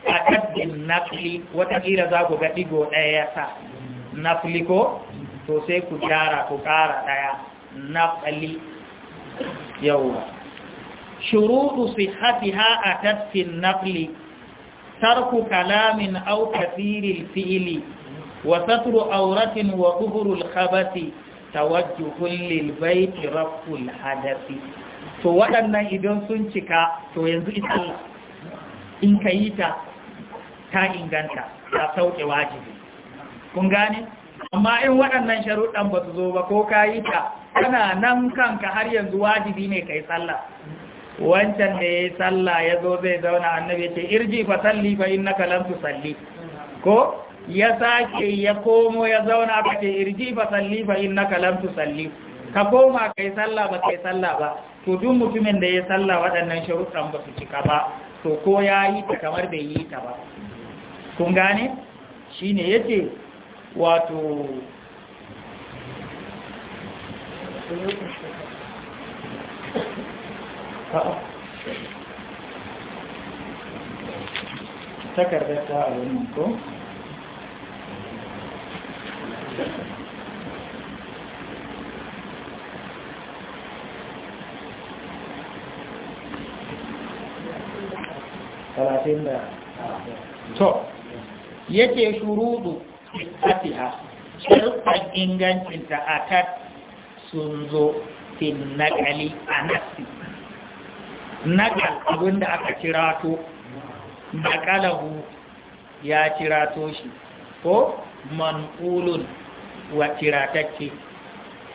a tabbin nafli watakila za ku ga ɗigo ɗaya ya sa nafli ko to sai ku gyara ku ƙara ɗaya nafali yawwa shuruɗu sihhatiha a tabbin nafli tarku kalamin au kathiril fi'li wa satru auratin wa zuhurul khabati tawajjuhun lil baiti raful to waɗannan idan sun cika to yanzu ita in ka yi ta ta inganta ta sauke wajibi kun gane amma in waɗannan sharuɗan ba su zo ba ko ka yi ta kana nan kanka har yanzu wajibi ne kai sallah wancan da ya yi sallah ya zo zai zauna annabi ce irji fa salli fa innaka lam tusalli ko ya sake ya komo ya zauna ka ce irji fa salli fa innaka lam tusalli ka koma kai sallah ba kai sallah ba to duk mutumin da ya sallah waɗannan sharuɗan ba su cika ba to ko ya yi ta kamar bai yi ta ba kun gane shi ne ya ce wato takardar ta abin ko? talatin da to yake shurudu sihhatiha sharuɗan ingancinta akat sun zo fil naqali anasi naqal abinda aka to naqalahu ya kirato shi ko manqulun wa kiratacce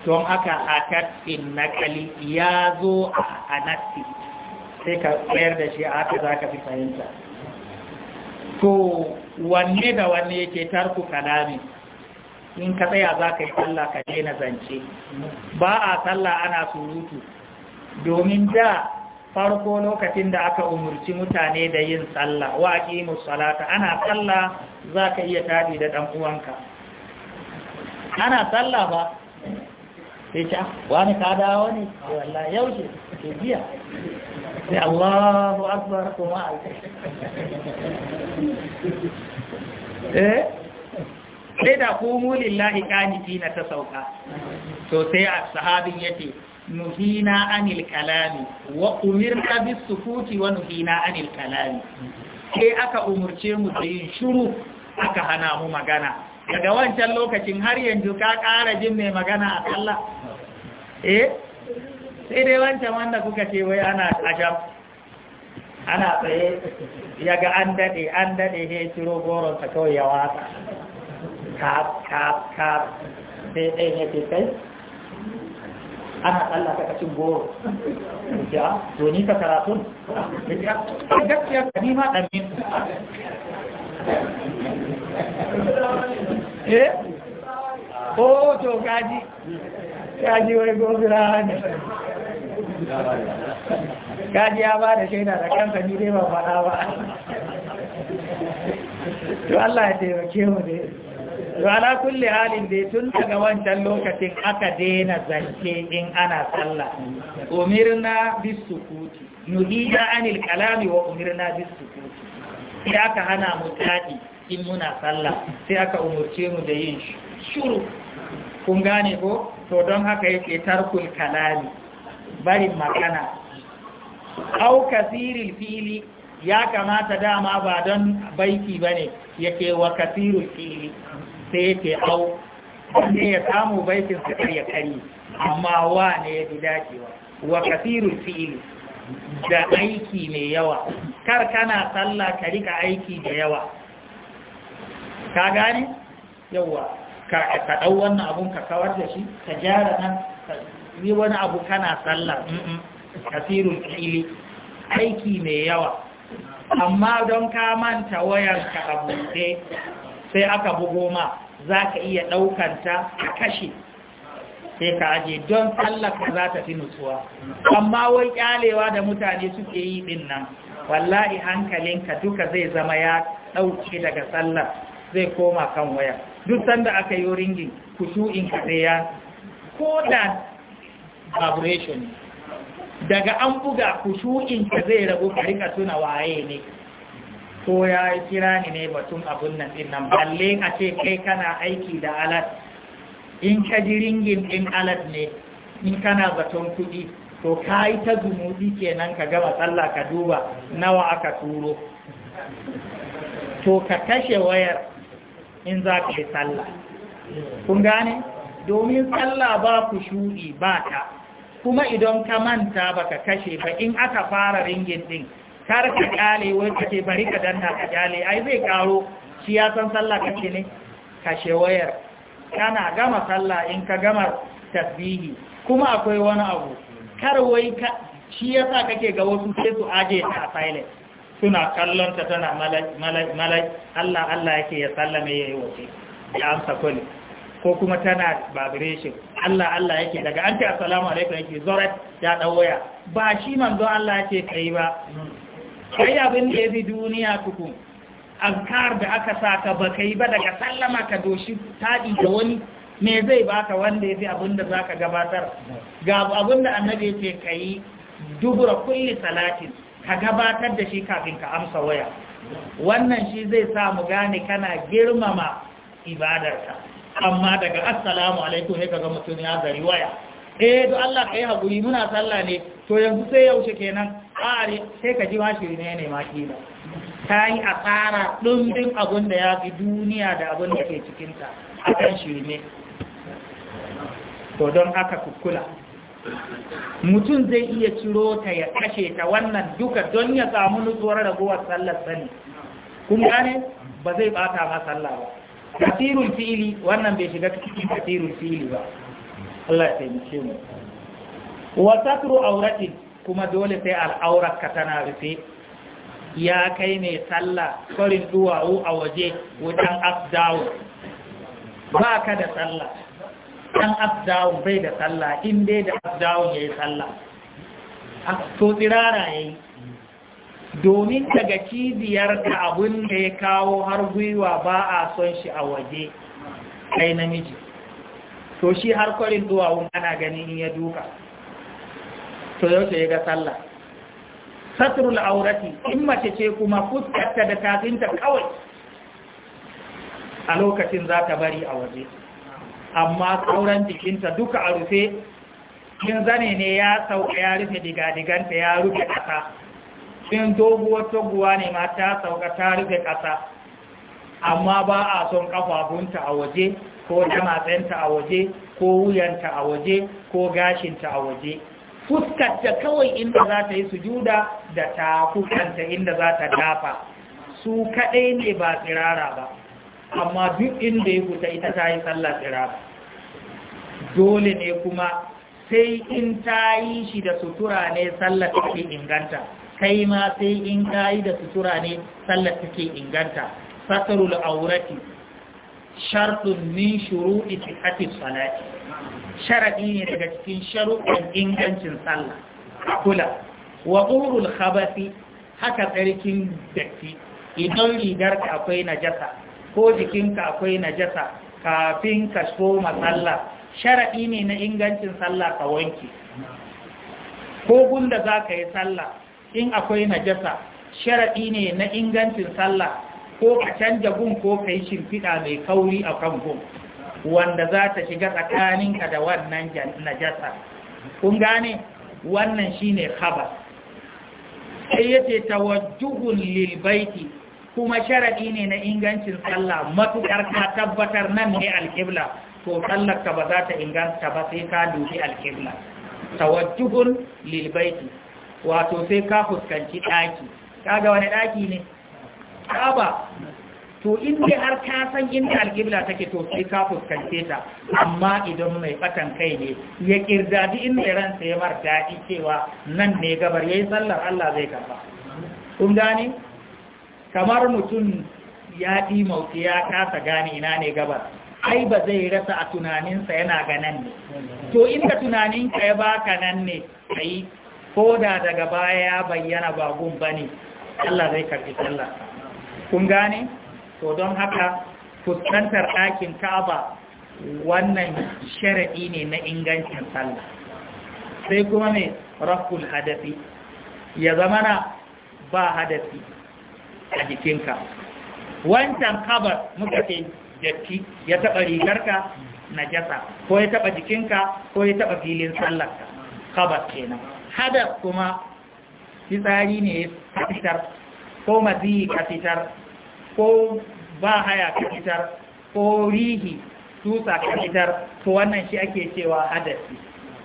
don haka akat fil naqali ya zo a anasi sai ka tsayar da shi aka zaka fi fahimta to wanne da wanne yake tarku kalami in ka tsaya za ka yi sallah ka daina zance ba a sallah ana surutu domin da farko lokacin da aka umurci mutane da yin sallah wa aqimu salata ana sallah za ka iya tabi da dan uwanka ana sallah ba sai ta ah, wani ka dawo ne wallahi yau ce ke biya sai Allahu akbar kuma eh sai da kumu lillahi qaniti na ta sauka to sai sahabin yake, nuhina anil kalami wa umirna bis sukuti wa nuhina anil kalami sai aka umurce mu da yin shiru aka hana mu magana daga wancan lokacin har yanzu ka ƙara jin mai magana a Allah eh sai dai wancan wanda kuka ce wai ana asham ana tsaye ya ga an daɗe an daɗe ya ciro goronsa kawai ya wata kaf kaf kaf sai ɗaya ne ke kai ana tsallaka kacin goro ja doni ka karatun gaskiya ka nima ɗamin eh o oh, to kaji, kaji wai gobira ne kaji ya ba da shaida da kansa ni dai ba faɗa ba to Allah ya taimake mu dai to ala kulli halin dai tun daga wancan lokacin aka daina zance in ana sallah umirna bisukuti nuhida anil kalami wa umirna bisukuti sai aka hana mu tadi in muna sallah sai aka umurce mu da yin shuru kun gane ko to don haka yake tarkul kalami barin makana au kasiril fili ya kamata dama ba don baiki bane yake wa kasiril fili sai yake au ne ya samu baikin su ya kari amma wa ne ya fi dacewa wa kasirul fili da aiki mai yawa kar kana sallah ka rika aiki da yawa ka gane yawa ka ɗau wannan abun ka kawar da shi ka gyara nan ni wani abu kana sallah kasirun fili aiki mai yawa amma don ka manta wayarka a buɗe sai aka bugo ma za ka iya ɗaukanta a kashe sai ka aje don tsallaka za ta fi nutsuwa amma wai kyalewa da mutane suke yi din nan wallahi hankalinka duka zai zama ya ɗauke daga tsallar zai koma kan waya duk sanda aka yi ringin kushu'in ka sai ya ko da vibration daga an buga kushu'in ka zai rabu ka rika suna waye ne ko ya yi kira ni ne batun abun nan din nan balle a ce kai kana aiki da alat in ka ji ringin din alat ne in kana batun kuɗi to ka yi ta zumuɗi kenan ka gaba tsalla ka duba nawa aka turo to ka kashe wayar in za ka yi tsalla kun gane domin tsalla ba ku shuɗi ba ta kuma idan ka manta baka kashe ba in aka fara ringin din kar ka kyale wai kake bari ka danna ka kyale ai zai karo shi ya san sallah kake ne kashe wayar kana gama sallah in ka gama tasbihi kuma akwai wani abu kar wai ka shi yasa kake ga wasu sai su aje ta silent suna kallon tana malai malai Allah Allah yake ya sallame yayi wace ya amsa kullu ko kuma tana vibration Allah Allah yake daga anti assalamu alaikum yake zorat ya da waya ba shi manzo Allah yake kai ba kai abin da yafi duniya kuku azkar da aka saka ba kai ba daga sallama ka doshi tadi da wani me zai baka wanda yafi abin da zaka gabatar ga abin da annabi yake kai dubura kulli salatin ka gabatar da shi kafin ka amsa waya wannan shi zai sa mu gane kana girmama ibadarka amma daga assalamu alaikum sai kaga mutum ya gari waya eh to Allah kai haƙuri muna sallah ne to yanzu sai yaushe kenan are sai ka ji washi ne ne ma kila kai asara din abun da ya fi duniya da abun da ke cikin ta akan shirme to don haka kukula mutum zai iya ciro ta ya kashe ta wannan duka don ya samu nutsuwar ragowar sallar sani kuma ne ba zai bata ma sallah ba kasirul fili wannan bai shiga cikin kasirul fili ba Allah ya taimake mu wa satru aurati kuma dole sai al'aurar ka tana rufe ya kai ne sallah korin duwawu a waje wajen up ba ka da sallah dan up bai da sallah in dai da up yayi sallah to tsirara yayi domin daga cibiyarka abin da ya kawo har gwiwa ba a son shi a waje kai namiji to shi har kwarin duwawun ana ganin ya duka to yau ya ga sallah satrul aurati in mace ce kuma fuskarta da tafinta kawai a lokacin za ta bari a waje amma sauran jikinta duka a rufe in zane ne ya sauka ya rufe diga-diganta ya rufe ƙasa in doguwar taguwa ne ma ta sauka ta rufe ƙasa amma ba a son ƙafafunta a waje ko jamatsayinta a waje ko wuyanta a waje ko gashinta a waje fuskarta kawai inda za ta yi sujuda da tafukanta inda za ta dafa su kaɗai ne ba tsirara ba amma duk inda ya kuta ita ta yi tsalla tsirara dole ne kuma sai in ta yi shi da sutura ne tsalla fi inganta kai ma sai in kayi da sutura ne sallar take inganta satarul aurati shartun min shuru'i sihhati salati sharadi ne daga cikin sharuɗin ingancin sallah kula wa urul khabathi haka tsarkin datti idan rigarka akwai najasa ko jikinka akwai najasa kafin ka soma sallah sharadi ne na ingancin sallah ka wanke ko gunda zaka yi sallah in akwai najasa sharaɗi ne na ingancin sallah ko ka canja gun ko ka yi shimfiɗa mai kauri a kan gun wanda za ta shiga tsakaninka da wannan najasa kun gane wannan shine khabar sai yace tawajjuhun lil baiti kuma sharaɗi ne na ingancin sallah matukar ka tabbatar nan ne alƙibla, to sallar ka ba za ta inganta ba sai ka dubi alqibla tawajuhun lil baiti wato sai ka fuskanci ɗaki kaga wani ɗaki ne ba. to inda har ka san inda alƙibla take to sai ka fuskance ta amma idan mai ɓatan kai ne ya ƙirzaji inda ransa ya mar daɗi cewa nan ne gabar ya yi tsallar Allah zai karba kun gani kamar mutum ya ɗi mauki ya kasa gane ina ne gabar ai ba zai rasa a tunaninsa yana ga nan ne to inda tunaninka ya baka nan ne kai ko da daga baya ya bayyana ba gun bane Allah zai karfi sallah kun gane to don haka fuskantar ɗakin kaba wannan sharaɗi ne na ingancin sallah sai kuma ne raful hadafi ya zamana ba hadafi a jikinka wancan kabar muka ce Jaki, ya taɓa rigarka na jasa ko ya taɓa jikinka ko ya taɓa filin sallarka kabar kenan hadas kuma fitsari ne ya fitar ko mazi ka fitar ko ba haya ka fitar ko rihi tusa ka fitar to wannan shi ake cewa hadasi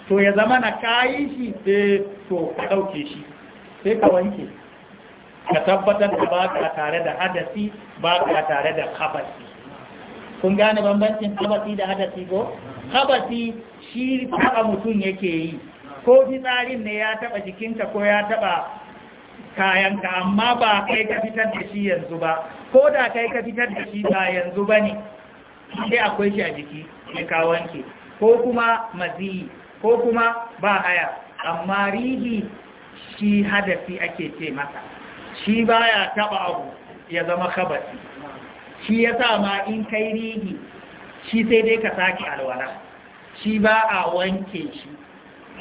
to ya zama na kayi shi eh, to ka ɗauke shi sai ka wanke ka tabbatar da ba ka tare da hadasi ba ka tare da habasi kun gane bambancin habasi da hadasi ko habasi shi taɓa mutum yake yi ko fitsarin ne ya taba jikinka ko ya taba kayanka amma ba kai ka fitar da shi yanzu ba ko da kai ka fitar da shi ba yanzu ba ne sai akwai shi a jiki mai kawanke ko kuma maziyi ko kuma ba haya amma rihi shi hadafi ake ce masa shi ba ya taba abu ya zama kabasi shi ya ma in kai rihi shi sai dai ka sake alwala shi ba a wanke shi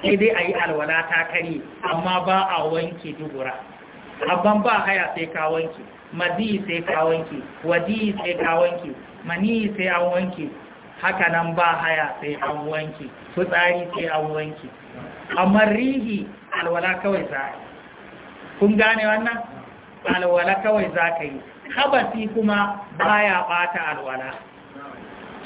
sai dai a yi alwala ta kare amma ba a wanke dubura abban ba haya sai ka wanke madi sai ka wanke wadi sai ka wanke mani sai an wanke haka nan ba haya sai an wanke fitsari sai an wanke amma rihi alwala kawai za a yi. kun gane wannan alwala kawai za ka yi habasi kuma baya bata alwala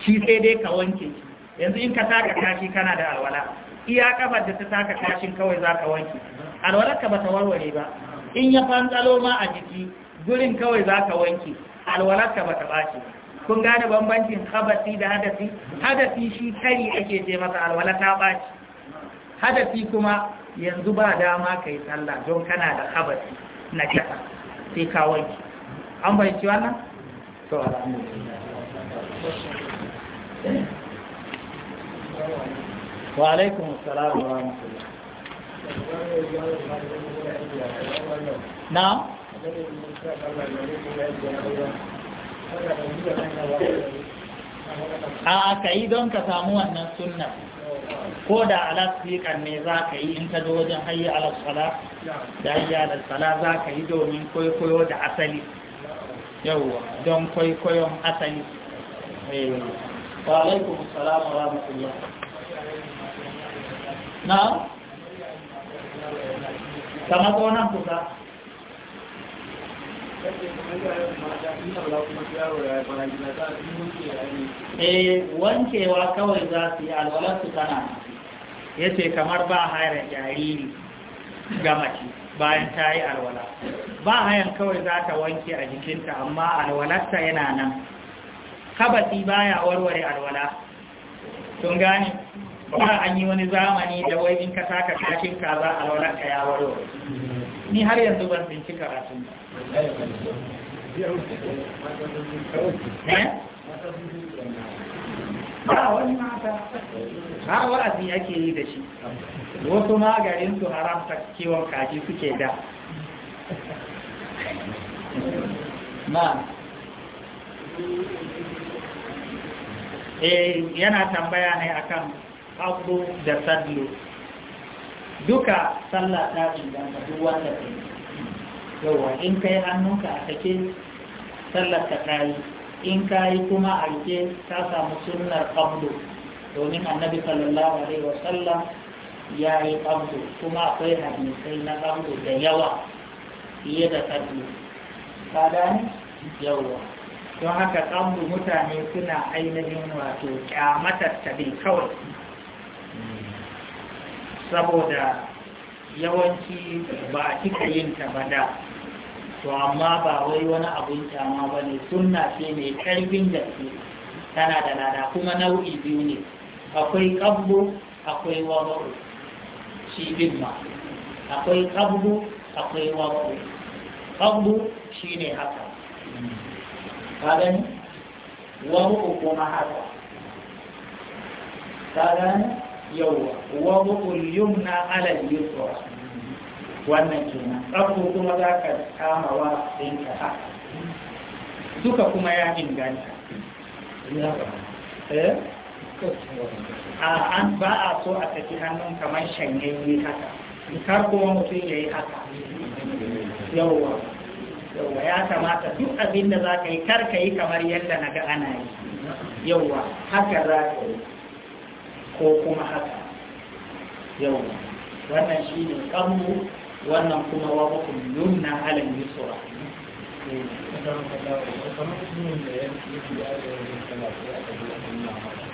shi sai dai ka wanke shi yanzu in ka taka kashi kana da alwala iya kafar da ta taka kashin kawai za ka wanke alwalarka ba ta warware ba in ya fantsalo ma a jiki gurin kawai za ka wanke alwalarka ba ta ɓace kun gane bambancin habasi da hadasi? Hadasi shi kari ake ce masa alwala ta ɓaci Hadasi kuma yanzu ba dama ka yi sallah don kana da habasi na kasa sai ka wanke an bayanci wannan? to alhamdulillah wa alaikum ورحمة wa نعم a a ka yi don ka samu wannan suna ko da alasfiƙar ne za ka yi in ka zo wajen hayi alasala da hayi alasala za ka yi domin kwaikwayo da asali yawwa don kwaikwayon asali eh, wa alaikum assalam wa rahmatullah na kama tsohonan kusa eh wankewa kawai za su yi alwalarsu tana ya ce kamar ba hayar jariri ga mace bayan ta yi alwala ba hayan kawai za ta wanke a jikinta amma alwalarsa yana nan kabati baya warware alwala sun gane ba an yi wani zamani da wai in ka saka kashin ka za a raunar ka ya waro ni har yanzu ban binci karatun ba eh? ba wani mata har wa'azi ake yi da shi wasu magarin su haramta kiwon kaji suke da na eh, yana tambaya ne akan qabdu da sadlu duka sallah ta inganta duk wanda ke yi yawa in ka yi hannunka a take sallar ka ta kayi in ka yi kuma a rike ta samu sunnar qabdu domin annabi sallallahu alaihi wasallam ya yi qabdu kuma akwai hadisai na qabdu da yawa fiye da Ba da ni yawa don haka qabdu mutane suna ainihin wato kyamatar ta kawai saboda yawanci ba a cika yin ta ba da to amma ba wai wani abin kyama ba ne sunna ce mai karfin gaske tana da lada kuma nau'i biyu ne akwai kabbu akwai wabaru shi bin ma akwai kabbu akwai wabaru kabbu shi ne haka ka gani wabaru kuma haka ka yawa wa mukul yumna ala yusra wannan kenan tsafto kuma za ka kama wa ɗinka ha duka kuma ya inganta eh? an ba a so a tafi hannun kamar shanyayye haka kar kuma mutum ya yi haka yawwa yawwa ya kamata duk abin da za ka yi kar ka yi kamar yadda na ga ana yi yawwa haka za ka yi ko kuma haka yau wannan shi ne ƙammu wannan kuma wa bakun yumna halin yusura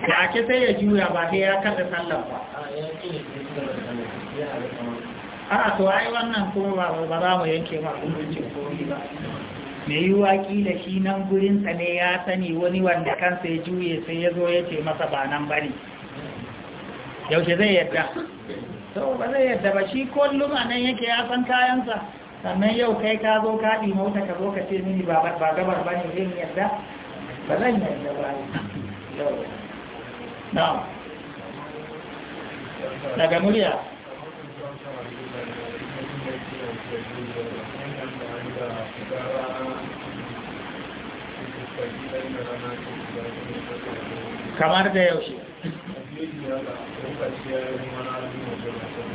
da ake sai ya juya ba sai ya kada sallar ba a to ai wannan kuma ba za mu yanke ma hukuncin komi ba mai yiwuwa da shi nan gurinsa ne ya sani wani wanda kansa ya juye sai ya zo ya ce masa ba nan ba ne yaushe zai yadda sau ba zai yadda ba shi kullum a nan yake ya san kayansa sannan yau kai ka zo ka ɗi mota ka zo ka ce mini ba gabar ba ne zai yadda ba zai yadda ba yau na daga murya kamar da yaushe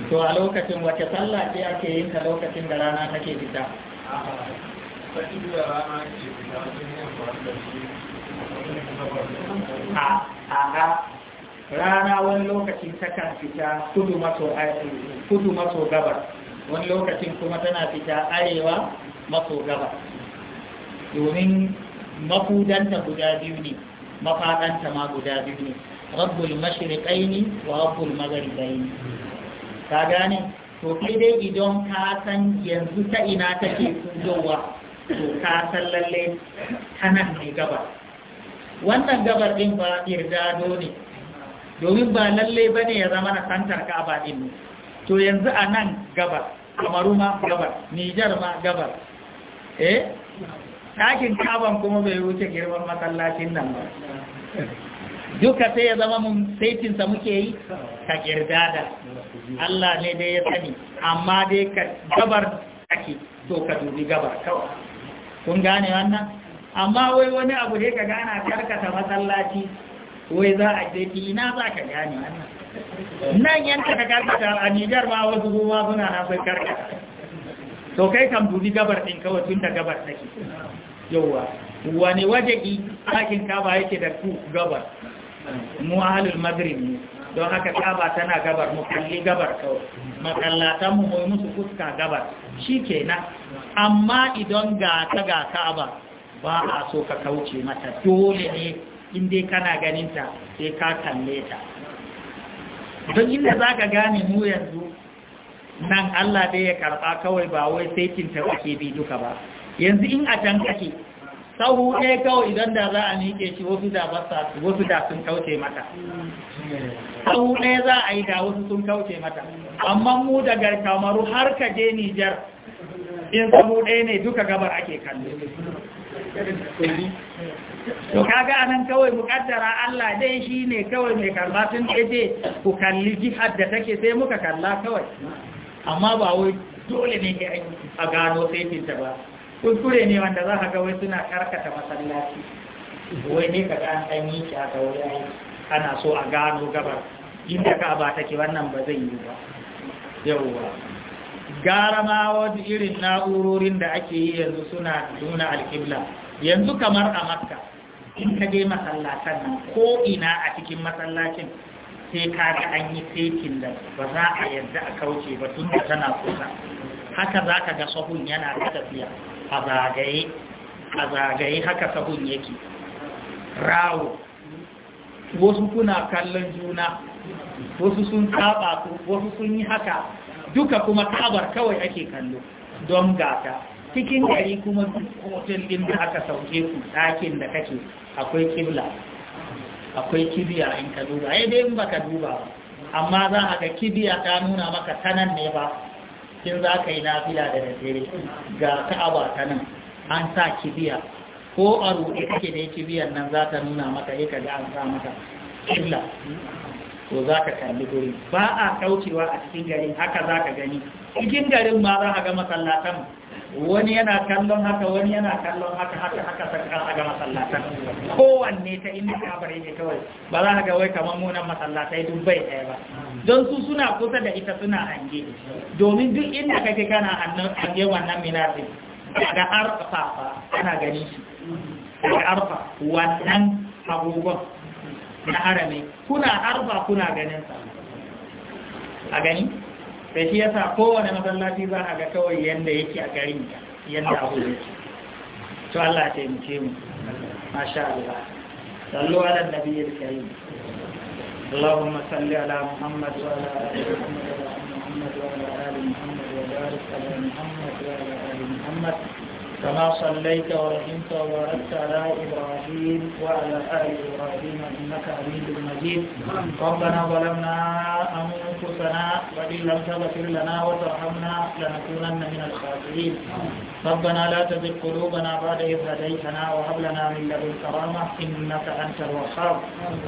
to a lokacin wace sallah ce ake yin ta lokacin da rana take fita a a rana wani lokacin takan fita kudu maso gabar wani lokacin kuma tana fita arewa maso gabar domin mafudanta guda biyu ne mafadanta ma guda biyu ne rabbul mashriqaini wa rabbul magharibaini ka gane to kai dai idan ka san yanzu ta ina take fitowa to ka san lalle tana ne gabar wannan gabar din ba irdado ne domin ba lalle bane ya zama na santar ka'aba din to yanzu a nan gabar kamaru ma gabar nijar ma gabar eh ɗakin kaban kuma bai wuce girman masallacin nan ba duka sai ya zama mun saitinsa muke yi ka kirdada Allah ne dai ya sani amma dai ka gabar ake to ka dubi gabar kawai kun gane wannan amma wai wani abu dai ka gana karkata masallaci wai za a je ina za ka gane wannan nan yanka ka karkata a Nijar ma wasu ruwa suna na sai karkata to kai kam dubi gabar din kawai tun da gabar take yauwa wani waje ɗi ka kaba yake da ku gabar mu ahalul maghrib ne don haka kaba tana gabar mu kalli gabar kawai makallatan mu musu fuska gabar Shi shikenan amma idan ga ta ga kaba ba a so ka kauce mata dole ne in dai kana ganin ta sai ka kalle ta don inda zaka gane mu yanzu nan Allah dai ya karba kawai ba wai sai kinta kake bi duka ba yanzu in a can kake sahu ɗaya kawai idan da za a miƙe shi wasu da basa sun kauce mata sahu ɗaya za a yi da wasu sun kauce mata amma mu daga kamaru har ka je nijar in sahu ɗaya ne duka gabar ake kalli. to kaga anan kawai muƙaddara Allah dai ne kawai mai karba tun ce ku kalli jihar da take sai muka kalla kawai amma ba wai dole ne a gano sai ba kuskure ne wanda za ka ga wai suna karkata masallaci wai ne ka ga an yi ki a wuri ana so a gano gabar inda ka ba take wannan ba zai yi ba yawwa gara ma wani irin na'urorin da ake yi yanzu suna nuna alkibla yanzu kamar a makka in ka je masallatan nan ko ina a cikin masallacin sai ka ga an yi fetin da ba za a yadda a kauce ba tun da tana kusa haka za ka ga sahun yana ta tafiya a zagaye haka sahun yake rawo wasu kuna kallon juna wasu sun ku wasu sun yi haka duka kuma kabar kawai ake kallo don gata cikin gari kuma hotel din da aka sauke ku ɗakin da kake akwai kibla akwai kibiya in ka duba ai dai in baka duba amma za a ga kibiya ta nuna maka tanan ne ba sai za ka yi nafila da daddare ga ka'aba ta nan an sa kibiya ko a ruɗe kake da kibiyar nan za ta nuna maka ya kaga an sa maka illa ko za ka kalli guri ba a kaucewa a cikin garin haka za ka gani cikin garin ma za ka ga masallatan wani yana kallon haka wani yana kallon haka haka haka sakar a ga masallatan kowanne ta inda kabar ne kawai ba za ka ga wai kamar munan masallatai duk bai ɗaya ba don su suna kusa da ita suna hange domin duk inda kake kana hannun hange wannan minarin daga arfa ana gani shi daga arfa wannan abubuwan na harame kuna arfa kuna ganin sa a gani sai shi yasa kowane masallaci za a ga kawai yanda yake a garin yadda abu yake to Allah ya taimake mu masha Allah sallu ala nabiyil karim اللهم صل على محمد وعلى Muhammad wa ala Muhammad كما صليت ورحمت وباركت على إبراهيم وعلى آل إبراهيم إنك حميد مجيد ربنا ظلمنا أنفسنا وإن لم تغفر لنا وترحمنا لنكونن من الخاسرين ربنا لا تزغ قلوبنا بعد إذ هديتنا وهب لنا من لدنك رحمة إنك أنت الوهاب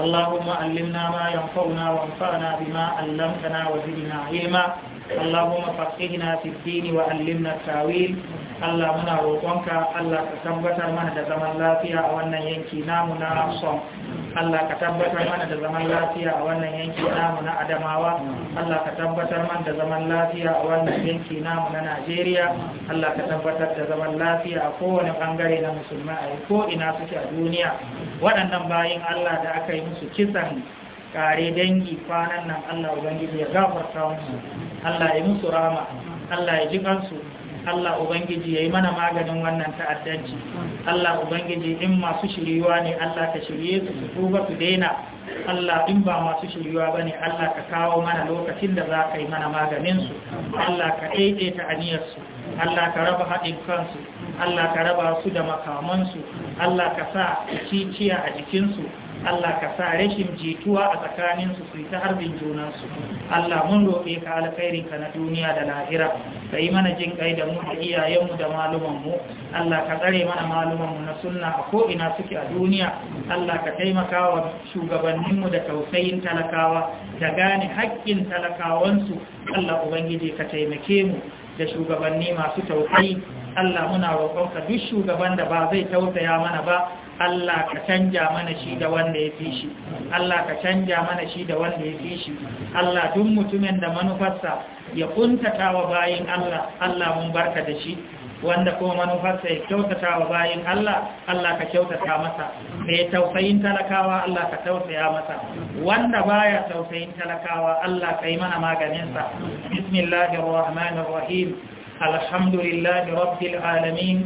اللهم علمنا ما ينفعنا وانفعنا بما علمتنا وزدنا علما اللهم فقهنا في الدين وعلمنا التاويل Allah muna roƙonka Allah ka tabbatar mana da zaman lafiya a wannan yanki namu na son Allah ka tabbatar mana da zaman lafiya a wannan yanki namu na Adamawa Allah ka tabbatar mana da zaman lafiya a wannan yanki namu na Najeriya Allah ka tabbatar da zaman lafiya a kowane bangare na musulma a ko ina suke a duniya waɗannan bayin Allah da aka yi musu kisan kare dangi kwanan nan Allah Ubangiji ya gafarta musu Allah ya musu rama Allah ya ji kansu Allah Ubangiji ya yi mana maganin wannan ta'addanci Allah Ubangiji in masu shiriwa ne Allah ka shirye su su tuba su daina Allah in ba masu shiriwa ba ne Allah ka kawo mana lokacin da za ka yi mana maganinsu Allah ka ɗaiɗaita aniyarsu Allah ka raba haɗin kansu Allah ka raba su da makamansu Allah ka sa ciciya a jikinsu Allah ka sa rashin jituwa a tsakaninsu su ta harbin junansu Allah mun roƙe ka alkhairin ka na duniya da lahira ka yi mana jin kai da mu da iyayenmu da malumanmu Allah ka tsare mana malumanmu na sunna a ko'ina suke a duniya Allah ka taimaka wa shugabanninmu da tausayin talakawa da gane haƙƙin talakawansu Allah Ubangiji ka taimake mu da shugabanni masu tausayi Allah muna ka duk shugaban da ba zai tausaya mana ba Allah ka canja mana shi da wanda ya fi shi Allah ka canja mana shi da wanda ya fi shi Allah duk mutumin da manufarsa ya kuntata wa bayin Allah Allah mun barka da shi wanda kuma manufarsa ya kyautata wa bayin Allah, Allah ka kyautata masa, ya tausayin talakawa Allah ka tausaya masa, wanda baya tausayin talakawa Allah ka yi mana maganinsa. Bismillahirrahmanirrahim, alhamdulillahi rabbil alamin.